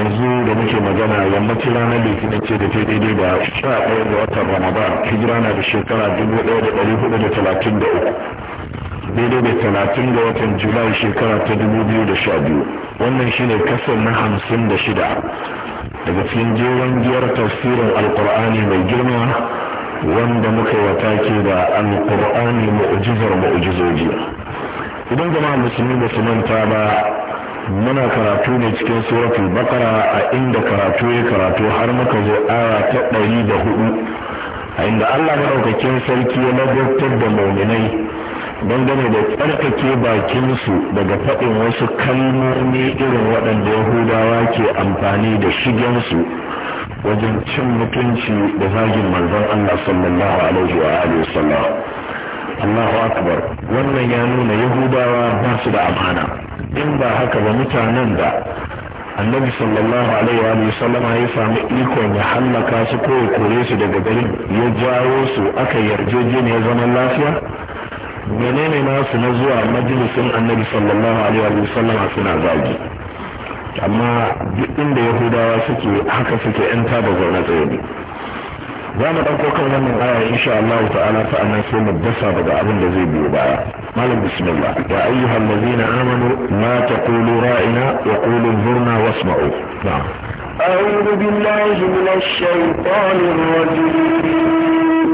yanzu da muke magana yammacin ranar litinin ce da ta daidai da sha ɗaya ga watan ramadan hijira na da shekara dubu ɗaya da ɗari hudu da talatin da uku daidai da talatin ga watan julai shekara ta dubu biyu da sha biyu wannan shine kasar na hamsin da shida daga cikin jeran giyar tafsirin alkur'ani mai girma wanda muka yi take da alkur'ani mu'jizar mu'jizoji idan jama'a musulmi ba su manta ba muna karatu ne cikin suratul bakara a inda karatu ya karatu har muka zo aya ta ɗari da hudu a inda allah maɗaukakin sarki ya ladabtar da mauminai dangane da tsarkake bakinsu daga faɗin wasu kalmomi irin waɗanda yahudawa ke amfani da shigensu wajen cin mutunci da zagin manzon allah sallallahu alaihi wa alihi Allahu akbar wannan ya nuna yahudawa ba su da amana in ba haka ba mutanen da annabi sallallahu alaihi wa sallama ya samu ikon ya hallaka su ko ya kore su daga garin ya jawo su aka yarjejeniya zaman lafiya menene masu na zuwa majalisin annabi sallallahu alaihi wa sallama suna zagi amma duk inda yahudawa suke haka suke yan da zaune tsaye zamu dauko kan wannan aya insha Allah ta'ala fa sa'annan sai mu dasa daga abin da zai biyo baya malam bismillah ya ayyuhal ladzina amanu ma taqulu ra'ina wa qulu zurna wasma'u na'am أعوذ بالله من الشيطان الرجيم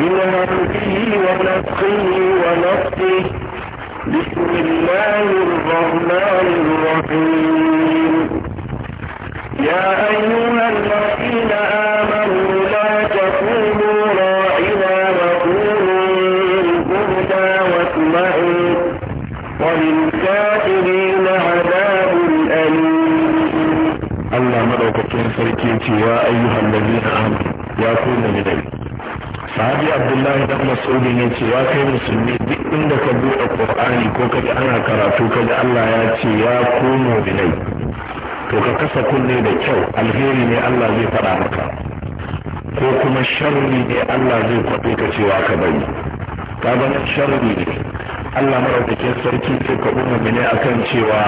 من همزه ونفخه ونفخه بسم الله الرحمن الرحيم يا أيها الذين آمنوا sarki yace ya ayyuhan da amanu ya ku mu'minai sahabi abdullahi dan mas'ud ne ce kai musulmi duk inda ka buɗe qur'ani ko ka ji ana karatu ka ji Allah ya ce ya ku mu'minai to ka kasa kunne da kyau alheri ne Allah zai faɗa maka ko kuma sharri ne Allah zai kwaɗe ka cewa ka bari ka ga sharri ne Allah maɗaukakin sarki zai kwaɗi mu'minai akan cewa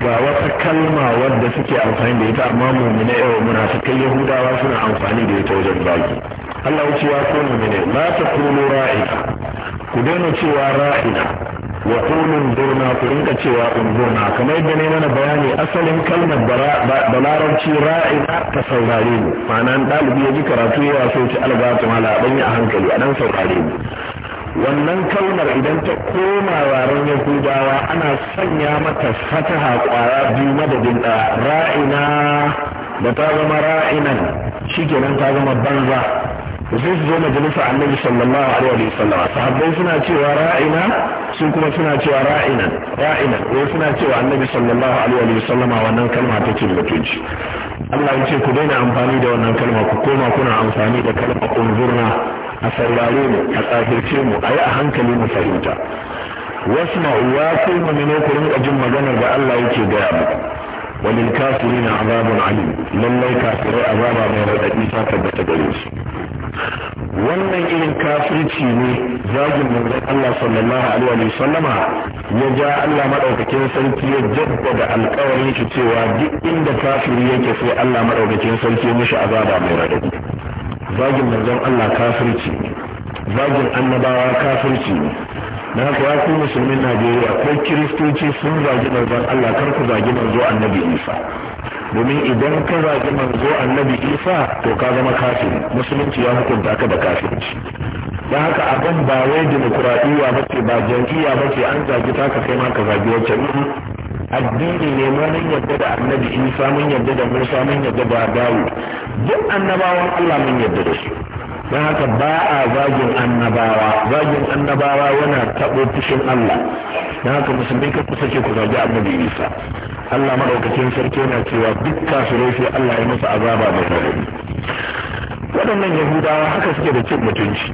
ga wata kalma wadda suke amfani da ita amma eh, muna yau kai yahudawa suna amfani da ita wajen zagi Allah ya ko ya ku mu'mina la ra'ina ku daina cewa ra'ina wa kunun durna ku rinka cewa unburna kamar yadda ne mana bayani asalin kalmar da larabci ra'ina ta saurare mu ma'ana ɗalibi ya ji karatu ya sai ci alga mala a yi a hankali a dan saurare mu wannan kalmar idan ta koma yaren yahudawa ana sanya mata fataha kwara biyu madadin ɗaya ra'ina da ta zama ra'inan shikenan ta zama banza sai su zo majalisa annabi sallallahu alaihi wa sallam sahabbai suna cewa ra'ina su kuma suna cewa ra'inan ra'inan wai suna cewa annabi sallallahu alaihi wa sallama wannan kalma take mutunci Allah ya ce ku daina amfani da wannan kalma ku koma kuna amfani da kalma unzurna a saurare mu a tsafirce mu a yi a hankali mu fahimta wasu ya ku mamino ku rinka jin maganar da Allah yake gaya muku walil kafirin azabun alim lallai kafirai azaba mai raɗaɗi ta tabbata gare su wannan irin kafirci ne zagin manzon Allah sallallahu alaihi wa sallama ya ja Allah madaukakin sarki ya jaddada alƙawarin shi cewa duk inda kafiri yake sai Allah madaukakin sarki ya mishi azaba mai radadi zagin manzon Allah kafirci zagin annabawa kafirci na haka ya ku musulmin Najeriya ko kiristoci sun zagi manzon Allah kar ku zagi manzo annabi Isa domin idan ka zagi manzo annabi Isa to ka zama kafiri musulunci ya hukunta ka da kafirci da haka abin ba wai dimokuraɗiyya ba ce ba jam'iyya ba ce an zagi ta ka kai ma ka zagi wacce addini ne mun yadda da annabi Isa mun yadda da Musa mun yadda da dawo duk annabawan Allah mun yadda da su don haka ba a zagin annabawa zagin annabawa yana taɓo fushin Allah don haka musulmi kan kusa ce ku zagi annabi Isa Allah maɗaukacin sarki yana cewa duk kafirai sai Allah ya masa azaba mai rauni waɗannan yahudawa haka suke da cin mutunci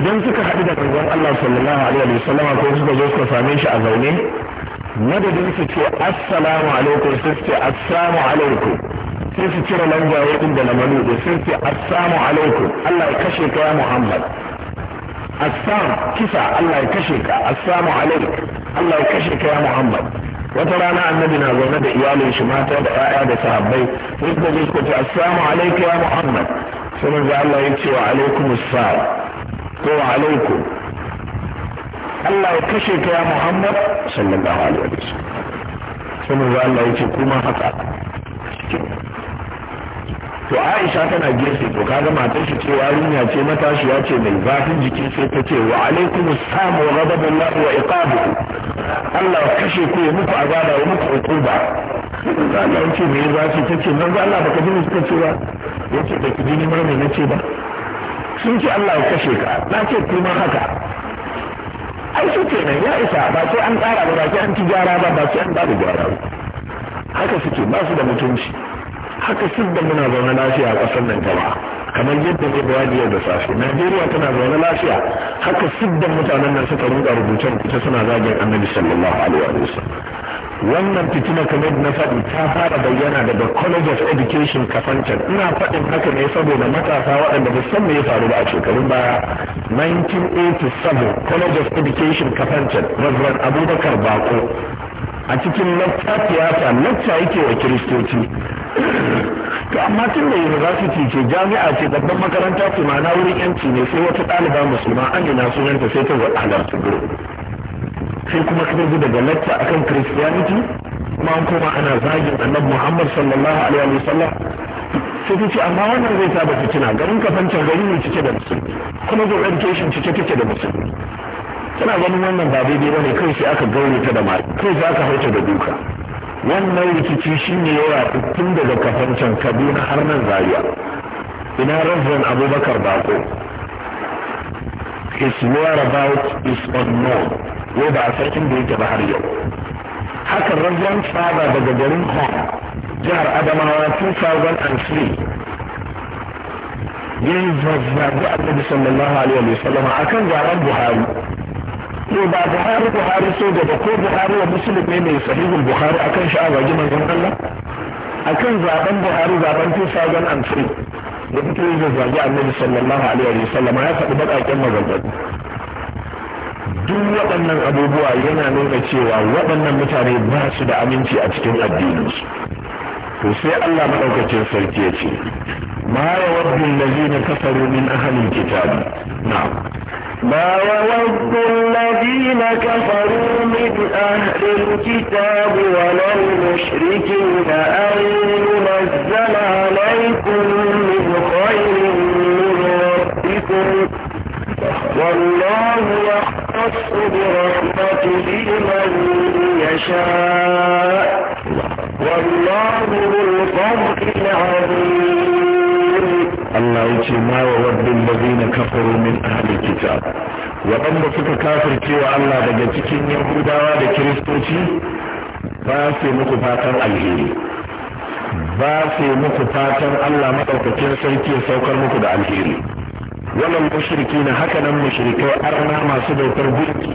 idan suka haɗu da manzon Allah sallallahu alaihi Wasallama ko suka zo suka same shi a zaune madadin su ce assalamu alaikum sai su ce assalamu alaikum sai su cire langwaye din da lamanu da sai su ce assalamu alaikum Allah ya kashe ka ya Muhammad assam kisa Allah ya kashe ka assalamu alaikum Allah ya kashe ka ya Muhammad wata rana annabi na zaune da iyalin shi mata da 'ya'ya da sahabbai sai suka je suka ce assalamu alaikum ya Muhammad sai manzo Allah ya ce wa alaikum assalam ko wa alaikum Allah ya kashe ka ya Muhammad sallallahu alaihi wa sallam sai manzo Allah ya ce kuma haka to Aisha tana gefe to kaga matar shi ce yarinya ce matashiya ce mai zafin jiki sai ta ce wa alaikum assalam wa ghadabullah wa iqabuhu Allah ya kashe ku ya muku azaba ya muku hukuma Allah ya ce me ya zafi ta ce manzo Allah baka ji suka ce ba yace baki ji ni mai nace ba sun ce Allah ya kashe ka na ce kuma haka ai shi kenan ya isa ba sai an tsara ba ba sai an ci gyara ba ba sai an bada gyara ba haka suke ba su da mutunci haka sun da muna zaune lafiya a ƙasar nan gaba kamar yadda ne bayani yau da safe najeriya tana zaune lafiya haka siddan mutanen nan suka rinka rubuce rubuce suna zagin annabi sallallahu alaihi wa sallam wannan fitina kamar na faɗi ta fara bayyana daga college of education kafancan ina faɗin haka ne saboda matasa waɗanda ba san me ya faru ba a shekarun baya 1987 college of education kafancan rabban abubakar bako a cikin lakta tiyata lakta yake wa kiristoci to amma tun da university ce jami'a ce babban makaranta ce ma'ana wurin yanci ne sai wata ɗaliba musulma amina sunanta sai ta halarta gurin sai kuma ka zargi daga lacca akan christianity kuma an koma ana zagin annabi muhammad sallallahu alaihi wa sallam sai ta ce amma wannan zai saba fitina garin kafancin gari ne cike da musulmi kuma zo education cike cike da musulmi tana ganin wannan ba daidai ba ne kai sai aka gaure ta da mai kai sai aka hauta da duka wannan rikici shi ne ya yafi tun daga kafancan kaduna har nan zaria ina rajin abubakar bako his whereabout is unknown wai ba a san inda yake ba har yau haka rajin tsada daga garin hong jihar adamawa 2003 yin zazzabi annabi sallallahu alaihi wa sallama akan garan buhari to ba buhari buhari so gaba ko buhari wa musulun ne mai sahihul buhari akan shi a zagi manzon allah akan zaben buhari zaben 2003 da fito yi da zagi annabi sallallahu alaihi wa sallam ya faɗi baƙaƙen maganganu duk waɗannan abubuwa yana nuna cewa waɗannan mutane ba su da aminci a cikin addininsu to sai allah maɗaukacin sarki ya ce ma yawaddu allazina kafaru min ahalin kitabi na'am ما يود الذين كفروا من أهل الكتاب ولا مشركين أن ينزل عليكم من خير من ربكم والله يختص برحمته من يشاء والله ذو الفضل العظيم Allah ya ce ma wa wabbin lazina kafaru min ahlil kitab waɗanda suka kafirce wa Allah daga cikin yahudawa da kiristoci ba sai muku fatan alheri ba sai muku fatan Allah madaukakin sarki ya saukar muku da alheri wannan mushriki na haka nan mushrikai arna masu bautar gunki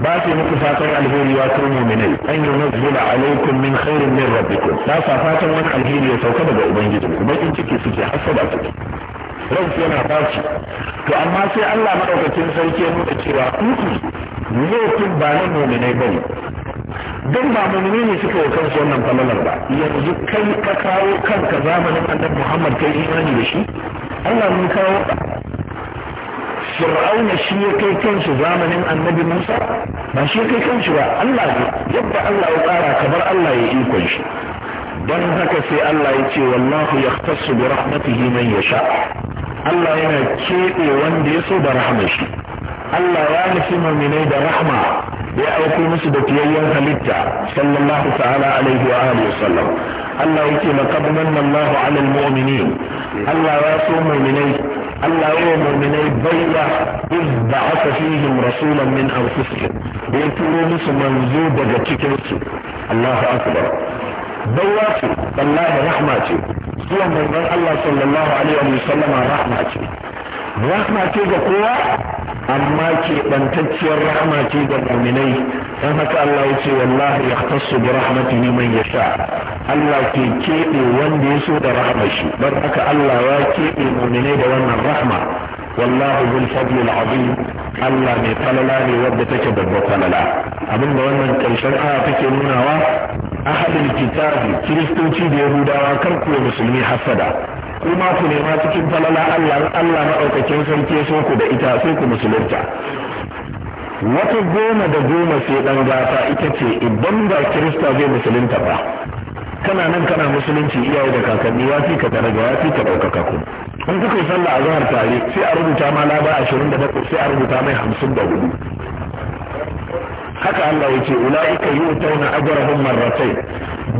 ba ce muku fatan alheri ya mu'minai an yunzila alaikum min khairin min rabbikum ba sa fatan wani alheri ya sauka daga ubangiji bakin ciki suke hasada suke ransu yana baci to amma sai Allah madaukakin sarki ya cewa kuku laifin ba na mu'minai bane don ba mu'mini ne suka yi kansu wannan falalar ba yanzu kai ka kawo kanka zamanin annabi Muhammad kai imani da shi Allah mun kawo fir'auna shi ya kai kanshi zamanin annabi musa ba shi ya kai kanshi ba allah ne yadda allah ya tsara kamar allah ya ikon shi dan haka sai allah ya ce wallahu yahtassu bi rahmatihi ya sha' allah yana keɓe wanda ya so da rahmar shi allah ya nufi muminai da rahma ya aiko musu da fiyayyen halitta sallallahu ta'ala alaihi wa alihi wa sallam Allah yake laqad manna Allahu 'alal mu'minin Allah ya so mu'minai Allah yawa mu'minai bayya iz ba'atha fihim rasulan min anfusihim da ya turo musu manzo daga cikin su Allahu akbar bayya ce wallahi rahma ce zuwan manzon Allah sallallahu rahma ce rahma ce ga kowa amma keɓantacciyar rahma ce ga mu'minai don haka Allah ya ce wallahi ya tasu bi rahmatihi man yasha Allah ke keɓe wanda ya so da rahmar shi don haka Allah ya keɓe mu'minai da wannan rahma wallahu bil fadl al azim Allah mai falala ne wadda take babbar falala abinda wannan karshen aya take nunawa ahalin kitabi kiristoci da yahudawa kar ku musulmi hasada kuma ku nema cikin falala Allah Allah maɗaukakin sarki so ku da ita sai ku musulunta wata goma da goma sai dan gata ita ce idan ba kirista zai musulunta ba kana nan kana musulunci iyaye da kakanni ya fi ka daraja ya fi ka ɗaukaka ku in kuka yi sallah a zahar tare sai a rubuta ma laba ashirin da bakwai sai a rubuta mai hamsin da hudu haka Allah ya ce ula'ika yu'tawna ajrahum marratayn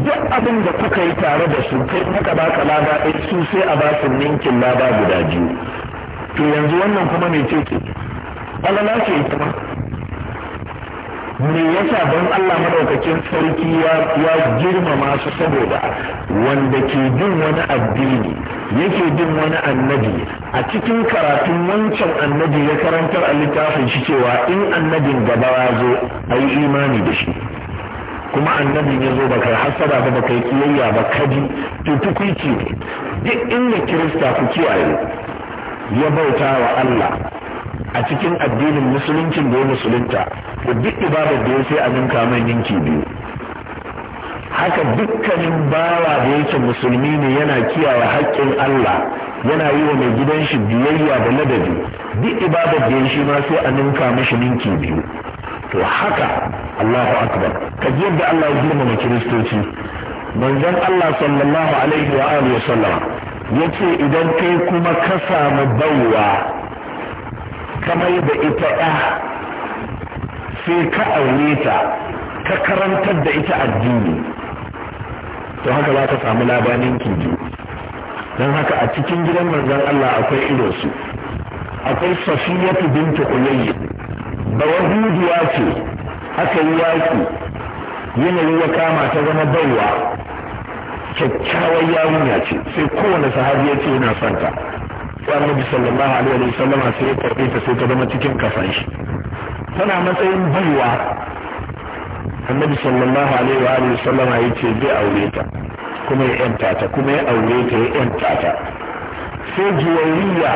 duk abin da kuka yi tare da su kai ba ka lada ɗaya su sai a ba su ninkin lada guda biyu to yanzu wannan kuma mai ce ke Allah ce ita me yasa don Allah madaukakin sarki ya girmama su saboda wanda ke bin wani addini yake bin wani annabi a cikin karatun wancan annabi ya karantar a littafin shi cewa in annabin gaba ya zo a yi imani da shi kuma annabin ya zo baka hasada ba baka yi kiyayya ba kaji to tukuici ne duk inda kirista ku kiyaye ya bauta wa Allah a cikin addinin musuluncin da ya musulunta To duk ibada da ya sai a ninka mai ninki biyu haka dukkanin bawa da yake musulmi ne yana kiyaye haƙƙin Allah yana yi wa mai gidan shi biyayya da ladabi duk ibada da ya shi ma sai a ninka mashi ninki biyu to haka Allahu akbar ka ji yadda Allah ya girmama kiristoci manzon Allah sallallahu alaihi wa alihi wasallam yace idan kai kuma ka samu baiwa kamar da ita ɗa sai ka aure ta ka karantar da ita addini to haka za ka samu labanin kiji don haka a cikin gidan manzon Allah akwai ido su akwai safiyatu bintu ulayyi ba ce aka yi yaƙi yanayi ya kama ta zama baiwa kyakkyawar yarinya ce sai kowane sahabi ya ce yana son ta sai annabi sallallahu alaihi wa sallama sai ya karbe ta sai ta zama cikin kafan tana matsayin biyuwa annabi sallallahu alaihi wa alihi sallama yace zai aure ta kuma ya yanta ta kuma ya aure ta ya yanta ta sai juwairiya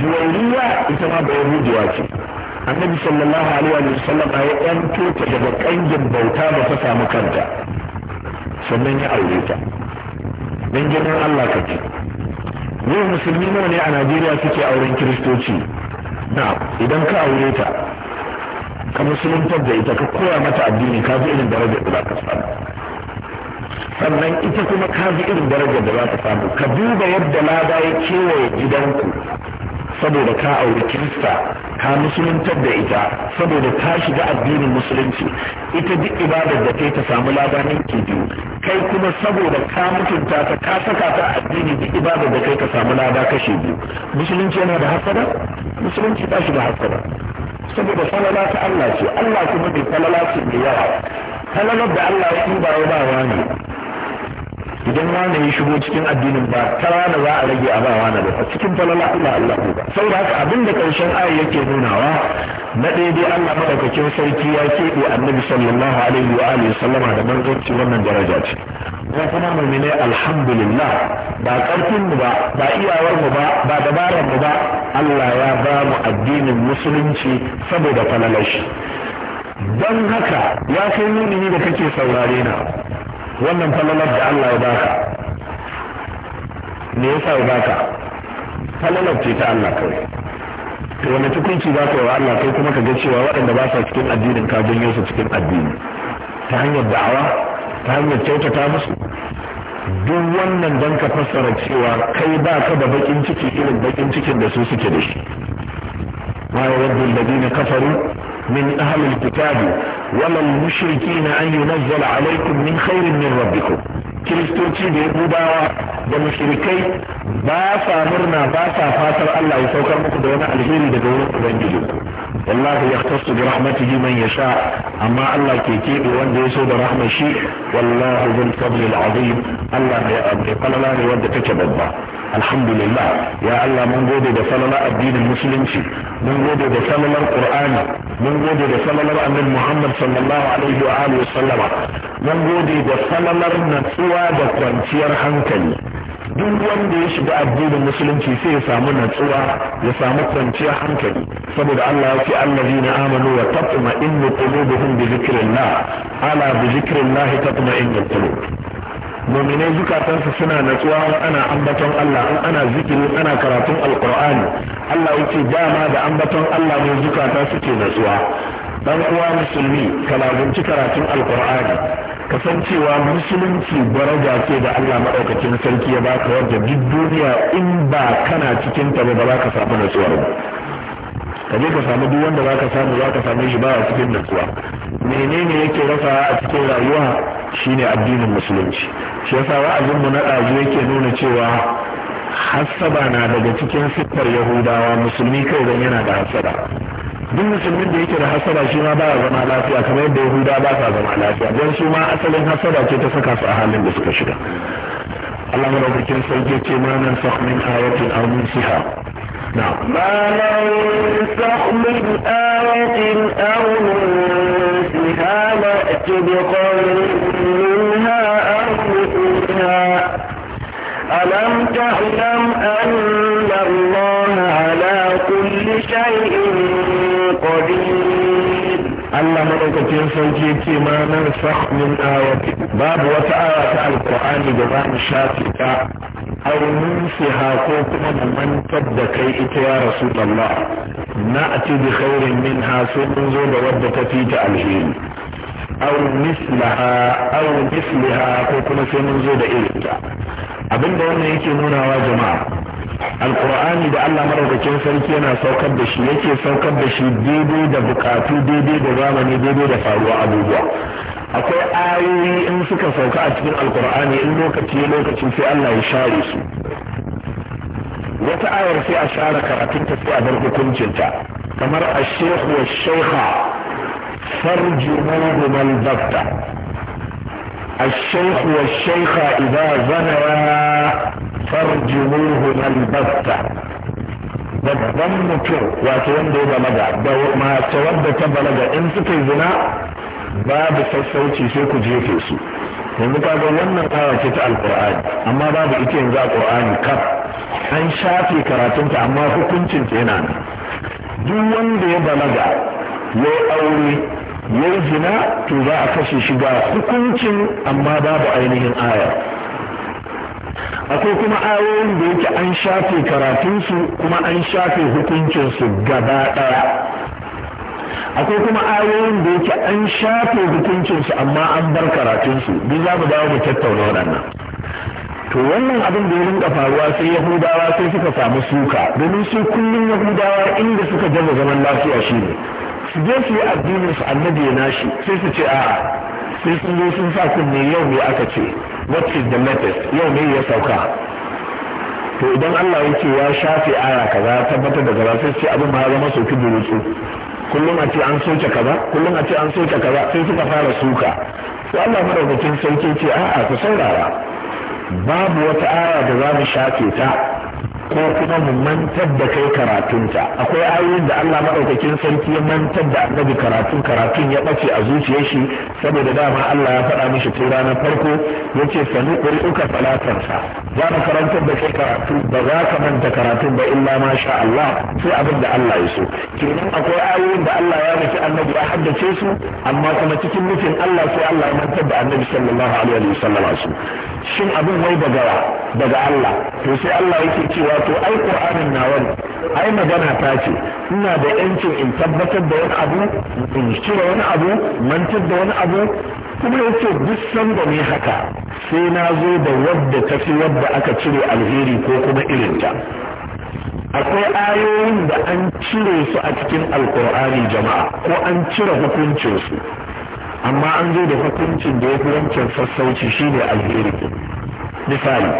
juwairiya ita ma ba yahudiya ce annabi sallallahu alaihi wa sallam ya yanto ta daga kangin bauta ba ta samu kanta sannan ya aure ta dan girman Allah kake yau musulmi nawa ne a Najeriya suke auren kiristoci na idan ka aure ta ka musuluntar da ita ka koya mata addini ka ji irin darajar da za ka samu sannan ita kuma ka ji irin darajar da za ka samu ka duba yadda lada ya kewaye gidanku saboda ka auri kirista ka musuluntar da ita saboda ta shiga addinin musulunci ita duk ibadar da kai ta samu lada ninki biyu kai kuma saboda ka mutunta ta ka saka ta addini duk ibadar da kai ka samu lada kashe biyu musulunci yana da hasada musulunci ta shiga hasada saboda falala ta Allah ce Allah kuma bai falala ce mai yawa falalar da Allah ya ɗiba ya ba wani idan wani ya shigo cikin addinin ba ta wani za a rage a ba wani ba cikin falala Allah Allah ba saboda haka abin da karshen aya yake nunawa na daidai Allah madaukakin sarki ya keɓe annabi sallallahu alaihi wa alihi sallama da manzanci wannan daraja ce mu kuma mu'mine alhamdulillah ba karfin mu ba ba iyawar mu ba ba dabarar mu ba Allah ya ba mu addinin musulunci saboda falalashi don haka ya kai ni da kake saurare na wannan falalar da Allah ya baka me yasa ya baka falalar ce ta Allah kawai to wani tukunci ba ka yi wa Allah kai kuma ka ga cewa waɗanda ba sa cikin addinin ka janyo su cikin addini ta hanyar da'awa ta hanyar kyautata musu duk wannan don ka fassara cewa kai ba ka da bakin ciki irin bakin cikin da su suke da shi ma yawaddu na kafaru من اهل الكتاب ولا المشركين ان ينزل عليكم من خير من ربكم كريستوتي دي بودا دا مشركي با سامرنا با سافاتر الله يسوكر مكدونا الهيري دا دولة بانجلو والله يختص برحمته من يشاء اما الله كي كي بوان ديسو دا رحمة شيء والله ذو الفضل العظيم الله يأبني قلالاني ودا تكبب الله alhamdulillah ya Allah mun gode da salalar addinin musulunci mun gode da salalar qur'ani mun gode da salalar annabi Muhammad sallallahu alaihi wa alihi sallama mun gode da salalar natsuwa da kwanciyar hankali duk wanda ya shiga addinin musulunci sai ya samu natsuwa ya samu kwanciyar hankali saboda Allah ya ce na amanu wa tatma'innu qulubuhum bi dhikrillah ala bi dhikrillah tatma'innul qulub muminai zukatansu suna natsuwa ana ambaton Allah in ana zikiri ana karatun alkur'ani Allah yake dama da ambaton Allah ne zukata suke natsuwa dan uwa musulmi kalabunci karatun alqur'ani kasancewa musulunci daraja ce da Allah madaukakin sarki ya baka wadda duk duniya in ba kana cikin ta ba za ka samu natsuwar ba ka je ka samu duk wanda zaka samu zaka same shi baya cikin natsuwa menene yake rasa a cikin rayuwa shine addinin musulunci shi yasa wa'azin mu na ɗazu yake nuna cewa hassaba na daga cikin siffar yahudawa musulmi kai zan yana da hassaba duk musulmin da yake da hassaba shi ma a zama lafiya kamar yadda yahuda ba sa zama lafiya don su ma asalin hassaba ce ta saka su a halin da suka shiga Allah bikin sarki ce ma nan min ayatin aw siha نعم ما ننسخ من آية أو ننسها بقول منها أو مثلها ألم تعلم أن Allah madaukakin sarki yake ma nan sakh min ayati babu wata aya ta alqur'ani da za mu shafe ta aw nunsiha ko kuma mu mantar da kai ita ya rasulullah na'ti bi khairin minha sai mun zo da wadda ta fi ta alheri aw mislaha aw misliha ko kuma sai mun zo da irinta abinda wannan yake nunawa jama'a alkur'ani da allah maraukakin sarki yana saukar da shi yake saukar da shi daidai da bukatu daidai da zamani daidai da faruwa abubuwa akwai ayoyi in suka sauka a cikin alkur'ani in lokaci lokaci sai allah ya share su wata ayar sai a share karatunta sai a bar hukuncinta kamar a shehu wa sheikha فرجموهما البتة الشيخ والشيخة إذا زنيا farjimuhu albasta babban mutum wato wanda ya balaga da mace wadda ta balaga in suka yi zina babu sassauci sai ku jefe su yanzu kaga wannan aya ce ta alkur'ani amma babu ita yanzu a kur'ani kaf an shafe karatunta amma hukuncin ta yana nan duk wanda ya balaga ya aure ya zina to za a kashe shi ga hukuncin amma babu ainihin aya akwai kuma ayoyin da yake an shafe karatunsu kuma an shafe hukuncinsu gaba ɗaya akwai kuma ayoyin da yake an shafe hukuncinsu amma an bar karatunsu duk za mu dawo mu tattauna waɗannan to wannan abin da ya rinka faruwa sai yahudawa sai suka samu suka domin su kullum yahudawa inda suka jaba zaman lafiya shi ne. su je su yi addinin su annabi ya nashi sai su ce a'a sai sun zo sun sa ne yau ne aka ce what is the latest yau ne ya sauka to idan Allah yake ya shafe aya kaza ya tabbatar da gaba sai ce abin ma ya zama soki kullum a ce an soke kaza kullum a ce an soke kaza sai suka fara suka to Allah madaukakin sarki ce a'a ku saurara babu wata aya da za mu shafe ta ko kuma mu mantar da kai karatunta akwai ayoyin da Allah maɗaukakin sarki ya mantar da annabi karatun karatun ya bace a zuciyar shi saboda dama Allah ya faɗa mishi tura ranar farko yace sanu qur'uka falatarsa za mu karantar da kai karatu ba za ka manta karatun ba illa ma sha Allah sai abin da Allah ya so kenan akwai ayoyin da Allah ya nufi annabi ya haddace su amma kuma cikin nufin Allah sai Allah ya mantar da annabi sallallahu alaihi wasallam su shin abin wai daga daga Allah to sai Allah yake cewa Wato ai qur'anin nawa ai magana ta ce ina da yancin in tabbatar da wani abu in cire wani abu mantar da wani abu kuma yace duk sanda ne haka sai na zo da wadda ta fi wadda aka cire alheri ko kuma irinta akwai ayoyin da an cire su a cikin alkur'ani jama'a ko an cire hukuncin su, amma an zo da hukuncin da ya fi wancan sassauci shine alheri misali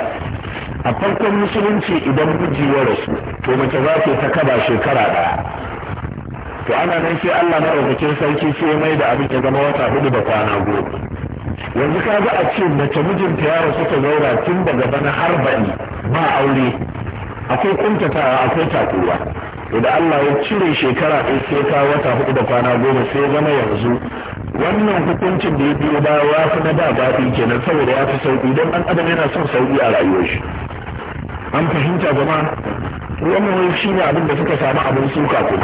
a farkon musulunci idan miji ya rasu to mace za ta ta kaba shekara daya to ana nan sai Allah maɗaukakin sarki sai mai da abin ya zama wata hudu da kwana goma yanzu ka ga a ce mace mijinta ya rasu ta zaura tun daga bana har baɗi ba aure akwai kuntatawa akwai takuwa to da Allah ya cire shekara ɗaya sai ka wata hudu da kwana goma sai zama yanzu wannan hukuncin da ya biyo baya ya fi na da daɗi kenan saboda ya fi sauƙi don ɗan adam yana son sauƙi a rayuwar shi an fahimta jama'a wannan wai shi ne abin da suka samu abin suka ko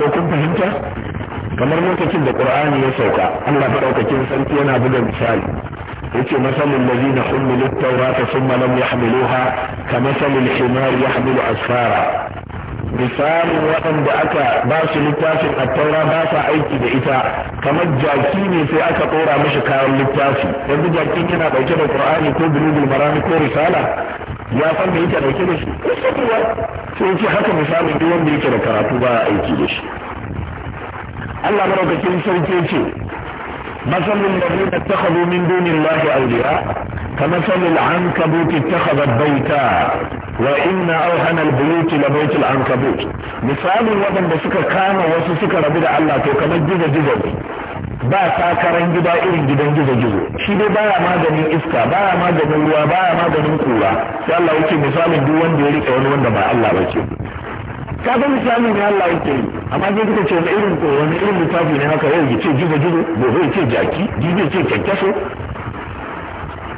ko kun fahimta kamar lokacin da qur'ani ya sauka Allah ya madaukakin sarki yana buga misali yace masalul ladina humilu tawrata thumma lam yahmiluha kamasalil himar yahmilu asfara misali waɗanda aka ba su littafin attaura ba sa aiki da ita kamar jaki ne sai aka ɗora mashi kayan littafi yanzu jakin yana ɗauke da ƙur'ani ko bulugul marami ko risala ya san da yake ɗauke da shi sai ce haka misalin duk wanda yake da karatu ba aiki da shi Allah maraukakin sauke ce مثل الذين اتخذوا من دون الله أولياء كمثل العنكبوت اتخذت بيتا وإن أوهن البيوت لبيت العنكبوت مثال وطن بسكة كان وسسكة ربنا الله تو كما جزء جزء ba takarar gida irin gidan gizo gizo shi dai baya maganin iska baya maganin ruwa baya maganin kura sai Allah yake misalin duk wanda ya rike wani wanda ba Allah ba ce ka ga misali ne Allah yake yi amma sai kuka ce wani irin wani irin littafi ne haka yau ya ce jibo jigo gobe ya ce jaki jibi ya ce kyakkyaso.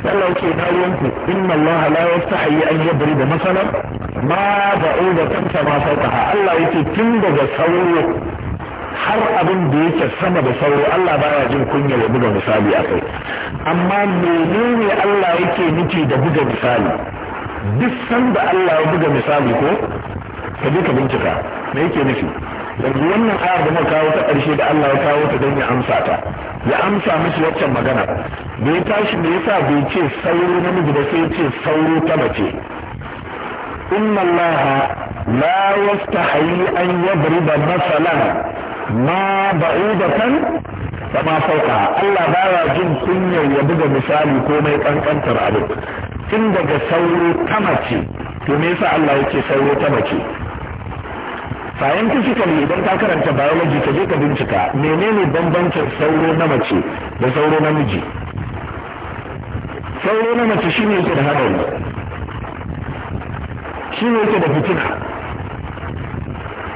Allah yake na ruwanku inna Allah la yastahi an yadri da masalan ma ba'uda kanta ma fataha Allah yake tun daga sauro har abin da yake sama da sauro Allah baya jin kunya ya buga misali a kai amma menene Allah yake nufi da buga misali duk sanda Allah ya buga misali ko ka je ka bincika me yake nufi yanzu wannan ayar da muka kawo ta ƙarshe da Allah ya kawo ta don ya amsa ta ya amsa musu waccan magana Bai tashi me yasa bai ce sauro namiji ba sai ce sauro ta mace inna Allah la yastahi an yadriba masalan ma ba'idatan kama sauka Allah baya jin kunyar ya buga misali komai kankantar abu tun daga sauro ta mace to me yasa Allah yake sauro ta mace scientifically idan ka karanta biology ka je ka bincika menene bambancin sauro na mace da sauro na miji sauro na mace shine yake da hadari shine yake da fitina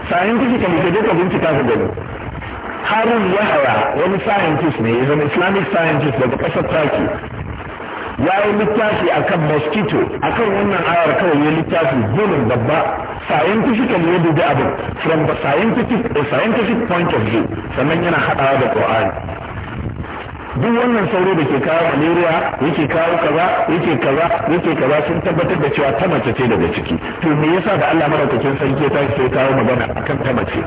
scientifically ka je ka bincika ka gani harun yahaya wani scientist ne is islamic scientist daga kasar turkey ya yi littafi akan mosquito akan wannan ayar kawai ya littafi gulun babba scientifical ya dubi abin from the scientific a scientific point of view sannan yana haɗawa da qur'ani duk wannan sauro da ke kawo malaria yake kawo kaza yake kaza yake kaza sun tabbatar da cewa ta mace ce daga ciki to me yasa da Allah madaukakin sarki ya tashi sai kawo magana akan ta mace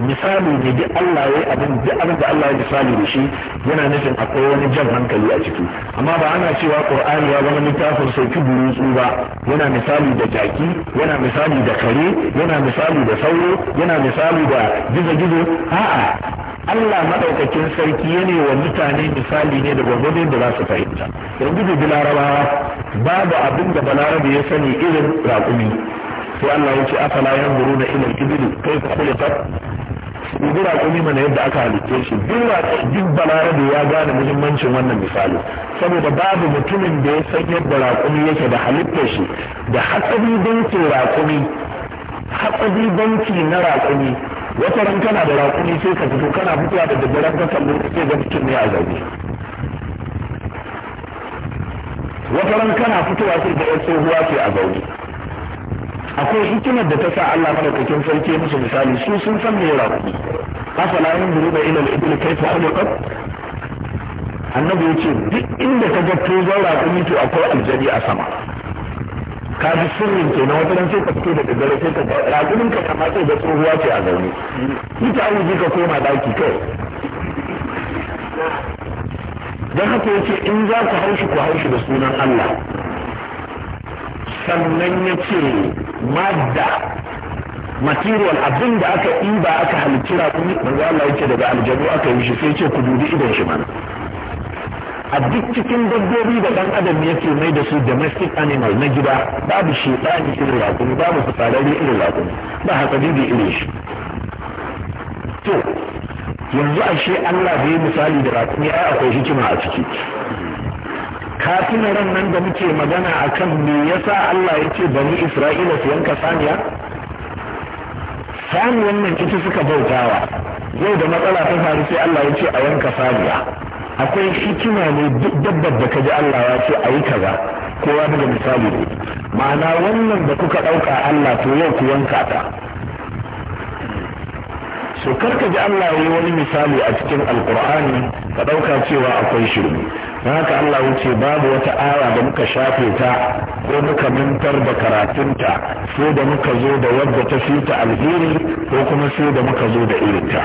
misali ne duk Allah ya abin duk abin da Allah ya misali da shi yana nufin akwai wani jan hankali a ciki amma ba ana cewa Qur'ani ya zama littafin sauki burutsu ba yana misali da jaki yana misali da kare yana misali da sauro yana misali da gizo-gizo a'a Allah madaukakin sarki yana wa mutane misali ne da gwagwadon da za su fahimta yanzu da larabawa babu abin da balarabe ya sani irin raƙumi sai Allah ya ce afala yanzuruna ila al-ibil ku khuliqat yanzu raƙumi mana yadda aka halitta shi duk da ya gane muhimmancin wannan misali saboda babu mutumin da ya san yadda raƙumi yake da halittar shi da hatsari banki raƙumi hatsari banki na raƙumi wata ran kana da raƙumi sai ka fito kana fitowa da daddaren ka kallo sai ga mutum ne a zaune wata ran kana fitowa sai da yan ruwa ke a zaune akwai hikimar da ta sa Allah madaukakin sarki musu misali su sun san me raƙumi afala yin duruba ila al-ibil kayfa khuliqat annabi yace duk inda ka ga tozon raƙumi to akwai aljabi a sama ka ji sirrin ke na wata ran sai ka fito daga gare sai ka ga raƙumin ka kama sai ga tsohuwa ce a zaune ita an ji ka koma daki kai dan haka yace in za ku haushi ku haushi da sunan Allah sannan ya ce madda material abin da aka ɗiba aka halicci rakumi manzo Allah yake daga aljanu aka yi shi sai ce ku dubi idon shi mana a duk cikin dabbobi da dan adam yake mai da su domestic animal na gida babu shaytani irin rakumi babu fitsararri irin rakumi ba hatsari irin shi to yanzu ashe Allah bai misali da rakumi ai akwai hikima a ciki ka ran nan da muke magana akan me yasa Allah ya ce bani Isra'ila su yanka saniya saniyan nan ita suka bautawa yau da matsala ta faru sai Allah ya ce a yanka saniya akwai hikima ne duk dabbar da ka ji Allah ya ce a yi kaza kowa daga misali ne ma'ana wannan da kuka ɗauka Allah to yau ku yanka ta so karka ji Allah ya yi wani misali a cikin alkur'ani ka ɗauka cewa akwai shirme haka Allah ya ce babu wata aya da muka shafe ta ko muka mintar da karatunta sai da muka zo da wadda ta fi ta alheri ko kuma sai da muka zo da irinta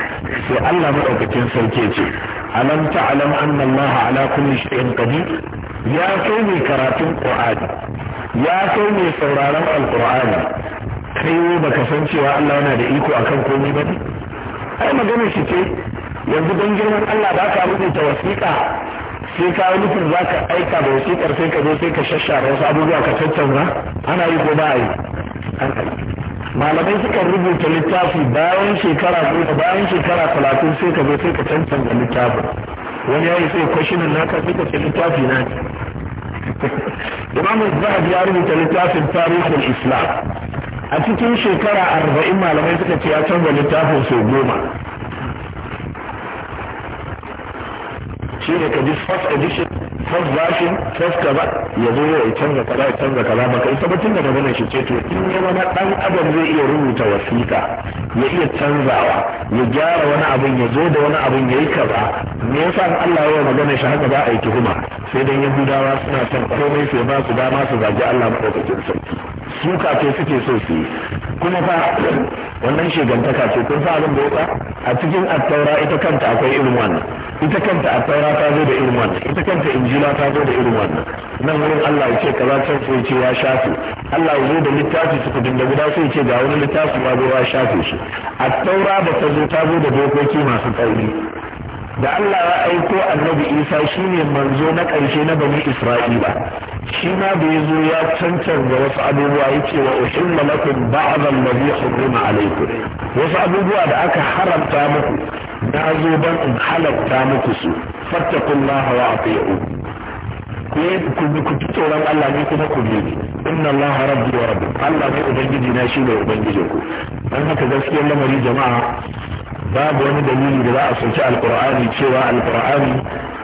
sai Allah madaukakin sarki ce alam ta'lam anna Allah ala kulli shay'in qadir ya kai mai karatun Qur'ani ya kai mai sauraron al kai ne baka san cewa Allah yana da iko akan komai ba ai maganar shi ce yanzu don girman Allah ba ka rubuta wasiƙa sai ka yi nufin za ka aika da wasiƙar sai ka zo sai ka shashara wasu abubuwa ka tattauna ana yi ko ba a yi malamai suka rubuta littafi bayan shekara goma bayan shekara talatin sai ka zo sai ka tantance littafin wani yayi sai kwashinin naka sai ka ce littafi na ne imamu zahab ya rubuta littafin tarihin islam a cikin shekara arba'in malamai suka ce ya canza littafin sau goma shi ne ka first edition fas bashin fas ya zo ya canza kaza ya canza kaza baka ita ba tun da maganar shi ce to in ya wani dan adam zai iya rubuta wasiƙa ya iya canzawa ya gyara wani abin ya zo da wani abin ya yi kaza me yasa in Allah ya magana shi haka ba a yi tuhuma sai dan Yahudawa suna son komai sai ba su dama su zagi Allah madaukakin sarki su ce suke so su yi kuma fa wannan shegantaka ce kun fa abin da yasa a cikin attaura ita kanta akwai irin wannan ita kanta attaura ta zo da irin wannan ita kanta injil ma ta zo da irin wannan nan wurin Allah ya ce kaza can sai ce ya shafe Allah ya zo da littafi su kudin da guda sai ce ga wani littafi ma zo ya shafe shi a taura da ta zo ta zo da dokoki masu kauri da Allah ya aiko annabi Isa shine manzo na ƙarshe na bani Isra'ila shi ma da ya zo ya cancanta wasu abubuwa ce wa ba lakum ba'd allazi hurrima alaykum wasu abubuwa da aka haramta muku na zo don in halatta muku su fattakullaha wa uku. ku ji tsoron Allah ne kuma ku bi inna Allah rabbi wa rabbi Allah ne ubangiji na shi ne ubangijinku dan haka gaskiyar lamari jama'a babu wani dalili da za a soki alkur'ani cewa alkur'ani